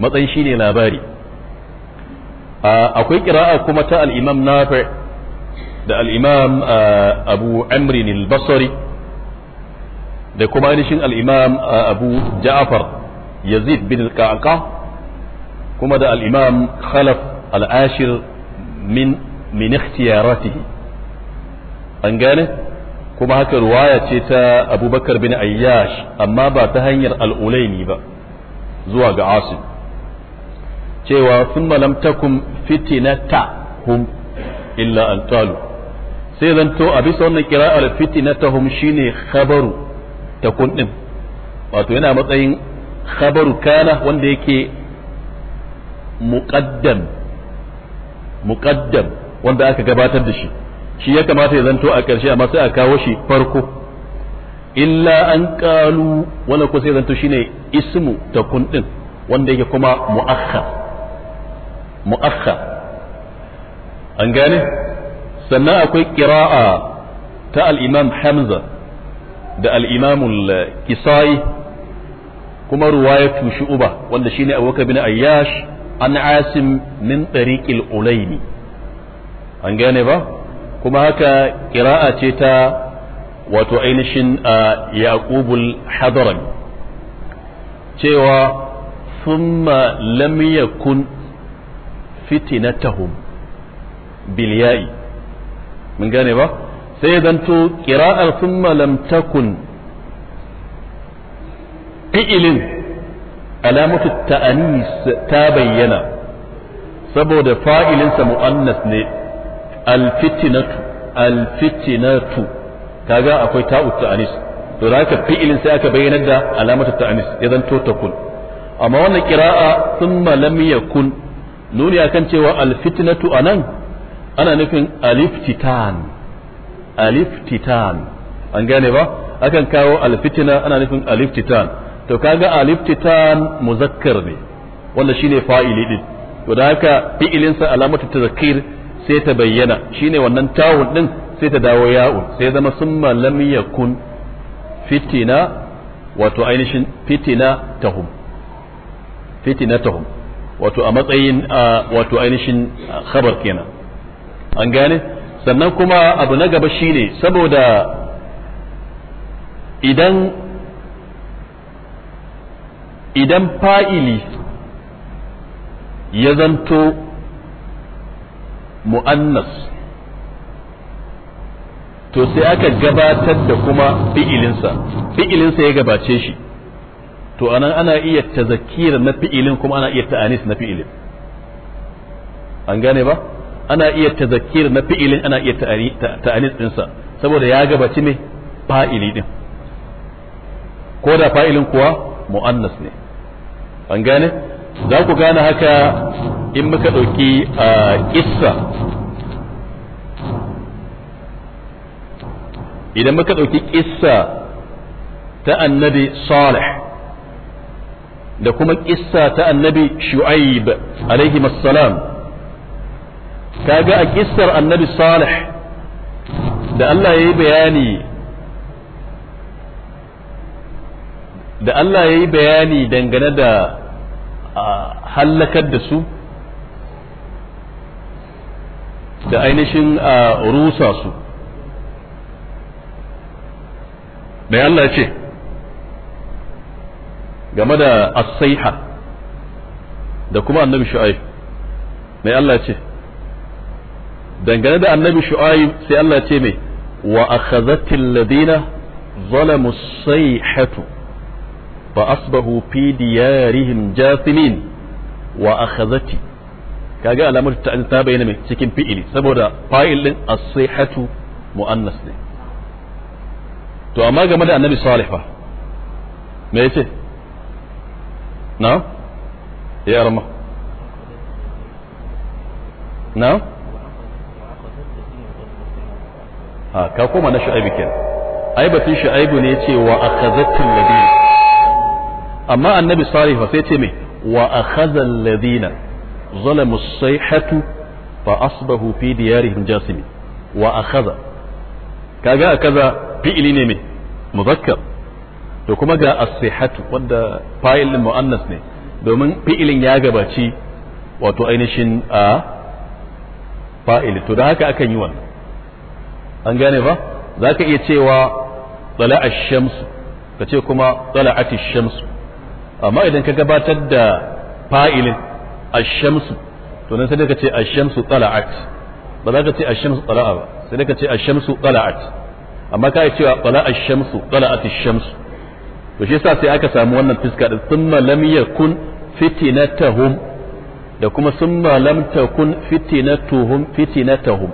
matsayin shine labari akwai ƙira'a kuma ta al nafi da al abu amrin al da kuma ainihin al-imam abu jaafar yazid bin al kuma da al khalaf al-ashir min min ikhtiyaratihi an gane kuma haka ruwaya ce ta abubakar bin ayyash amma ba ta hanyar al'ulaini ba zuwa ga asir cewa sun malam takum fitinata hum illa an talu sai zanto a bisa wannan kira'ar fitinata hum shine khabaru ta din wato yana matsayin khabaru kana wanda yake muqaddam muqaddam wanda aka gabatar da shi shi ya kamata ya zanto a ƙarshe amma sai a kawo shi farko illa an ƙalu wannan ko sai zanto shine ismu ta din wanda yake kuma mu'akhkhar mu'akha an gane sannan akwai ƙira'a ta alimam hamza da al-imam kisai kuma ruwayatu uba wanda shine abubakar bin ayyash an asim min tariqil ulaymi an gane ba kuma haka ƙira'a ce ta wato ainihin yaqubul hadaran cewa sun lam yakun fitinatahum bilya'i mun gane ba sai zanto qira'ar thumma lam takun fi'ilin alamatu ta'anis ta bayyana saboda fa'ilinsa mu'annas ne alfitinatu alfitinatu kaga akwai ta'u ta'anis to da haka fi'ilin sai aka bayyana da alamatu ta'anis ya zanto takun amma wannan qira'a thumma lam yakun nuni akan cewa alfitnatu anan ana nufin aliftitan aliftitan an gane ba akan kawo alfitina ana nufin aliftitan to kaga aliftitan muzakkar ne wanda shine fa'ili din to da haka fi'ilinsa alamatu tazakkir sai ta bayyana shine wannan tawun din sai ta dawo ya'un sai zama summa lam yakun fitina wato ainihin fitina tahum fitina tahum wato a matsayin wato ainihin khabar kenan an gane sannan kuma abu na gaba shine saboda idan idan fa'ili ya zanto mu'annas to sai aka gabatar da kuma fi'ilinsa fi'ilinsa ya gabace shi to anan ana iya tazakira na fi'ilin kuma ana iya ta'anis na fi'ilin an gane ba ana iya tazakira na fi'ilin ana iya ta'anis ɗinsa saboda ya gabaci ne fa'ili din. ko da fa'ilin kuwa mu'annas ne an gane za ku gane haka in muka ɗauki a ƙissa idan muka ɗauki ƙissa ta annabi salih da kuma kissa ta annabi shu'aib alaihi assalam kaga a kissar annabi salih da Allah ya yi bayani da Allah ya yi bayani dangane da hallakar da su da ainihin rusa su da Allah ya ce game da asaiha da kuma annabi shu'aib mai Allah ce dangane da annabi shu'aib sai Allah ce mai wa akhadhatil ladina zalamu sayhatu fa asbahu fi diyarihim jathimin wa akhadhati kaga alamar ta bayyana mai cikin fi'ili saboda fa'il din as-sayhatu muannas ne to amma game da annabi salih fa me yace na'am ya rama na'am ha ka na shu'aibu kenan ai batun shu'aibu ne yace wa akhadhatul ladina amma annabi salih fa sai ce me wa akhadhal ladina zalamu sayhatu fa asbahu fi wa kaga kaza fi'ili ne me To kuma ga as-sihhatu wanda fa'ilin mu'annas ne domin fi'ilin ya gabaci wato ainihin a fa'ili to da haka akan yi wannan an gane ba za ka iya cewa tsala ash-shamsu ka ce kuma tsala ash-shamsu amma idan ka gabatar da fa'ilin ash-shamsu to nan sai ka ce ash-shamsu tsala'at ba za ka ce ash-shamsu tsala'a ba sai ka ce ash-shamsu tsala'at amma ka yi cewa tsala ash-shamsu tsala'at ash-shamsu to shi yasa sai aka samu wannan fiska da summa lam yakun fitinatahum da kuma summa lam takun fitinatuhum fitinatahum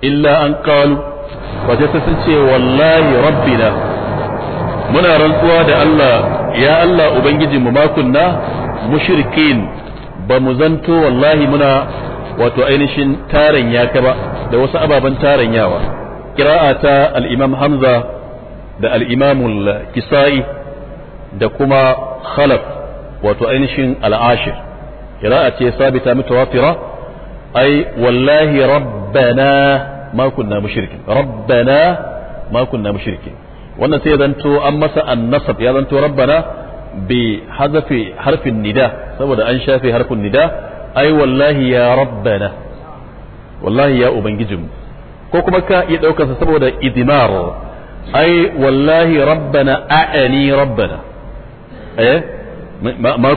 illa an qalu wace ta sun ce wallahi rabbina muna rantsuwa da Allah ya Allah ubangiji mu makunna mushrikin ba mu zanto wallahi muna wato ainihin taran ka ba da wasu ababen taran yawa qira'ata al-imam hamza da al'imamul kisa'i da kuma khalaf wato ainihin al'ashir kira a ce sabita mutawafira ai wallahi rabbana ma kunna mushrikin rabbana ma kunna mushrikin wannan sai zanto an masa annasab ya zanto rabbana bi hazafi harfin nida saboda an shafe harfin nida ai wallahi ya rabbana wallahi ya ubangijinmu ko kuma ka iya ɗaukarsa saboda idimar ai wallahi rabbana a'ani rabbana eh ma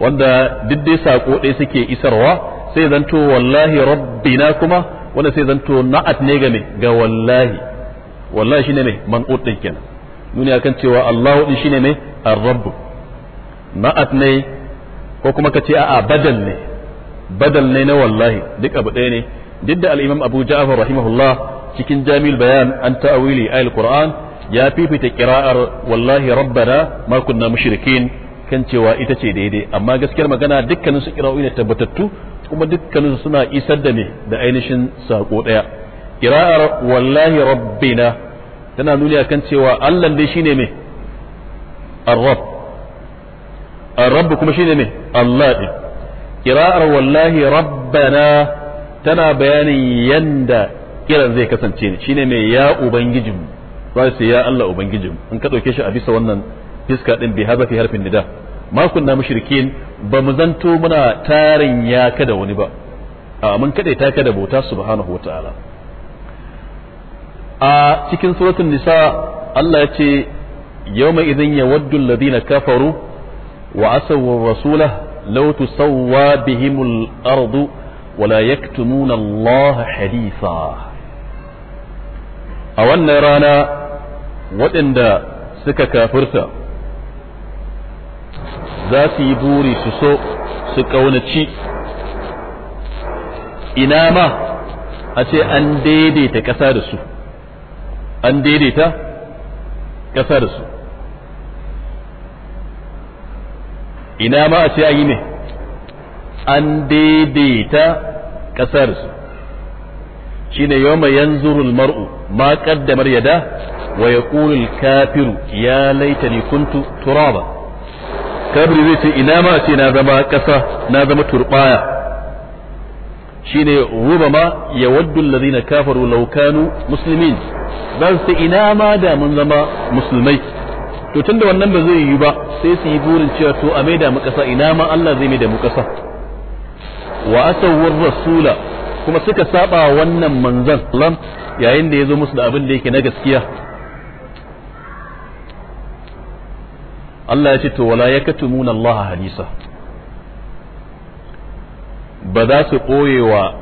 wanda duk dai sako dai suke isarwa sai zanto wallahi rabbina kuma wanda sai zanto na'at ne ga ga wallahi wallahi shine ne man'ut din kenan nuni akan cewa Allahu din shine ne ar-rabb na'at ne ko kuma ka ce a'a badal ne badal ne na wallahi duk abu ɗaya ne duk da Abu Ja'far cikin jami'ul bayan an ta'awili ayil qur'an ya fifita kira'ar wallahi rabbana ma kunna mushrikin kan cewa ita ce daidai amma gaskiyar magana dukkanin su kira'o'i ne tabbatattu kuma dukkanin su suna isar da me da ainihin sako daya kira'ar wallahi rabbina tana nuni kan cewa Allah dai shine me ar-rabb ar-rabb kuma shine me Allah din kira'ar wallahi rabbana tana bayanin yanda kiran zai kasance ne shine mai ya ubangijin za su ya Allah ubangijin in ka dauke shi a bisa wannan fiska din bi haza fi harfin nida ma kunna mushrikin ba mu zanto muna tarin ya kada wani ba a mun kade ta kada bauta subhanahu wataala a cikin suratul nisa Allah ya ce yawma idhin yawaddu alladhina kafaru wa asaw rasulahu law tusawwa bihimul ardu ولا يكتمون الله حديثا a wannan rana waɗanda suka kafirta za su yi buri su so su ƙaunaci ina ma a ce an daidaita ƙasa da su an daidaita ƙasa da su ina ma a ce a yi ne an daidaita ƙasa da su shine yawma yanzurul mar'u ma qaddamar yada wa yaqulu kafiru ya laitani kuntu turaba kabri zai ce ina ma ce na zama kasa na zama turbaya shine rubama yawaddu alladhina kafaru law kanu muslimin dan sai ina ma da mun zama musulmai to tunda wannan ba zai yiwu ba sai su yi burin cewa to a maida mu kasa ina ma Allah zai maida mu kasa wa asawwar rasula kuma suka saba wannan manzan lam yayin da ya zo musu da abin da yake na gaskiya Allah ya ce to wala yakatumuna Allah hadisa ba za su koyewa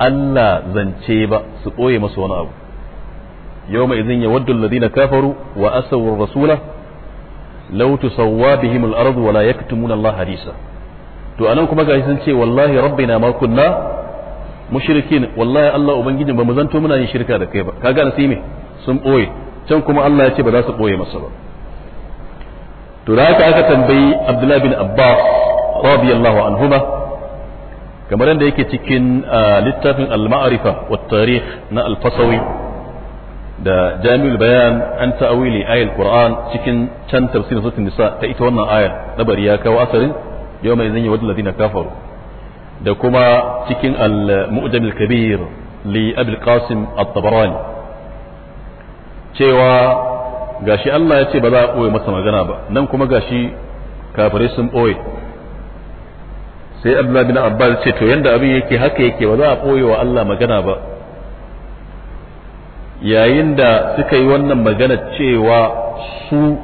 Allah zance ba su koye masa wani abu yau mai izin ya waddu alladhina kafaru wa asawur rasula law tusawwa bihim al-ardu wala yaktumuna Allah hadisa to anan kuma gashi sun ce wallahi rabbina ma kunna mushrikin wallahi Allah ubangiji ba mu zanto muna yin shirka da kai ba kaga na sai me sun boye can kuma Allah ya ce ba za su boye masa ba to da haka aka tambayi Abdullah bin Abbas radiyallahu anhuma kamar yadda yake cikin littafin al-ma'rifa wa tarikh na al-fasawi da jami'ul bayan an ta'awili ayal qur'an cikin can tafsirin suratul nisa ta ita wannan ayar dabari ya kawo asarin yawma idzin yawadul ladina kafaru da kuma cikin al kabir li abul qasim at-tabarani cewa gashi Allah ya ce ba za a ɓoye masa magana ba nan kuma gashi kafirai sun ɓoye sai Abdullahi bin Abbas ce to yanda abin yake haka yake ba za a ɓoye wa Allah magana ba yayin da suka yi wannan magana cewa su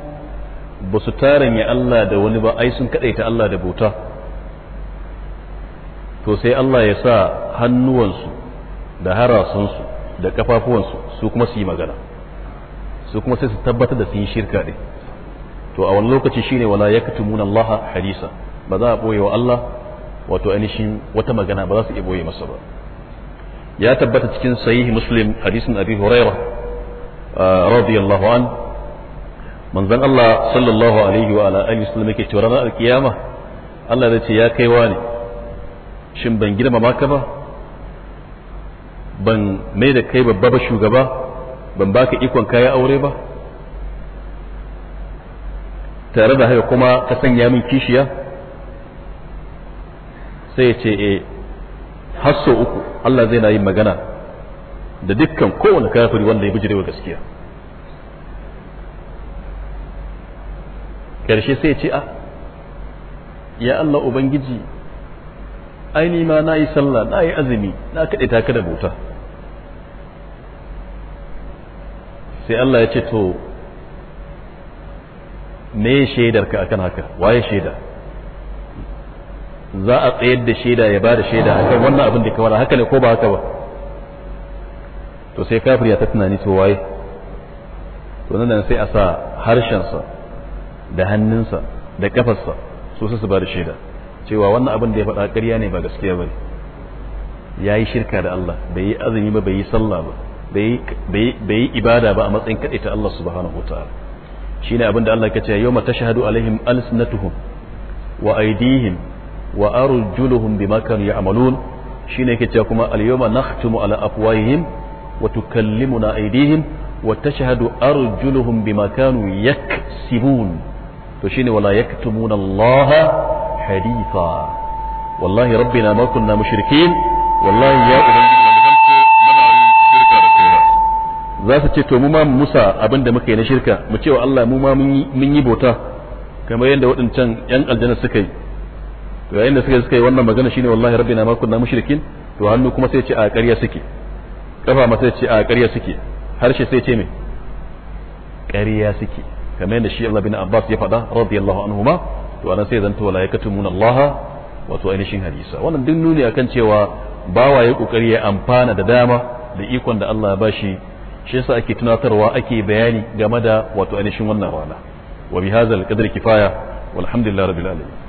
ba su ya Allah da wani ba ai sun kaɗaita Allah da bauta to sai Allah ya sa hannuwansu da harasansu da kafafuwansu su kuma su yi magana su kuma sai su tabbatar da sun shirka ne to a wani lokaci shine wala ya yaktumuna Allah hadisa ba za a boye wa Allah wato ainihin wata magana ba za su iya boye masa ba ya tabbata cikin sahihi muslim hadisin abi hurairah ah, radiyallahu an manzon Allah sallallahu alaihi wa ala alihi wasallam yake cewa ranar alkiyama Allah zai ce ya kai wani shin ban girmama ka ba ban mai da kai babba ba shugaba ban baka ikon kaya aure ba tare da haka kuma ka sanya min kishiya sai ya ce eh hasso uku Allah zai na yi magana da dukkan kowane kafiri wanda ya bijirewa gaskiya karshe sai ya ce a ah, ya Allah ubangiji aini ma na yi sallah na yi azumi na kaɗe ta ka da bauta sai Allah ya ce to me shaidar ka akan haka waye shaida za a tsayar da shaida ya ba da shaida akan wannan abin da kawara haka ne ko ba haka ba to sai kafir ya ta tunani to waye to nan sai a sa harshensa da hannunsa da kafarsa su su ba da shaida cewa wannan abin da ya faɗa ƙarya ne ba gaskiya ba ya yi shirka da Allah bai yi azumi ba bai yi sallah ba bai yi ibada ba a matsayin kaɗai ta Allah subhanahu wa ta'ala shi ne abin da Allah ka ce yau ma tashahadu alaihim alsinatuhum wa aidihim wa arjuluhum bima kanu ya'malun shi ne ke cewa kuma al-yawma nakhtumu ala afwahihim wa tukallimuna aidihim wa tashahadu arjuluhum bima kanu yaksibun to shine wala yaktumuna Allah حريصا والله ربنا ما كنا مشركين والله يا za su ce to mu ma musa abin da muka yi na shirka mu cewa Allah mu ma mun yi bauta kamar yadda waɗancan yan aljanna suka yi to yayin da suka suka yi wannan magana shine wallahi rabbina ma kunna mushrikin to hannu kuma sai ce a ƙarya suke kafa ma sai ce a ƙarya suke harshe sai ce me ƙarya suke kamar yadda shi Allah bin Abbas ya faɗa radiyallahu anhuma to anan sai zanto wala yakatumuna Allah wato ainihin hadisa wannan duk nuni akan cewa bawa ya kokari ya amfana da dama da ikon da Allah ya bashi shi yasa ake tunatarwa ake bayani game da wato ainihin wannan rana wa bihadha alqadri kifaya walhamdulillahi rabbil alamin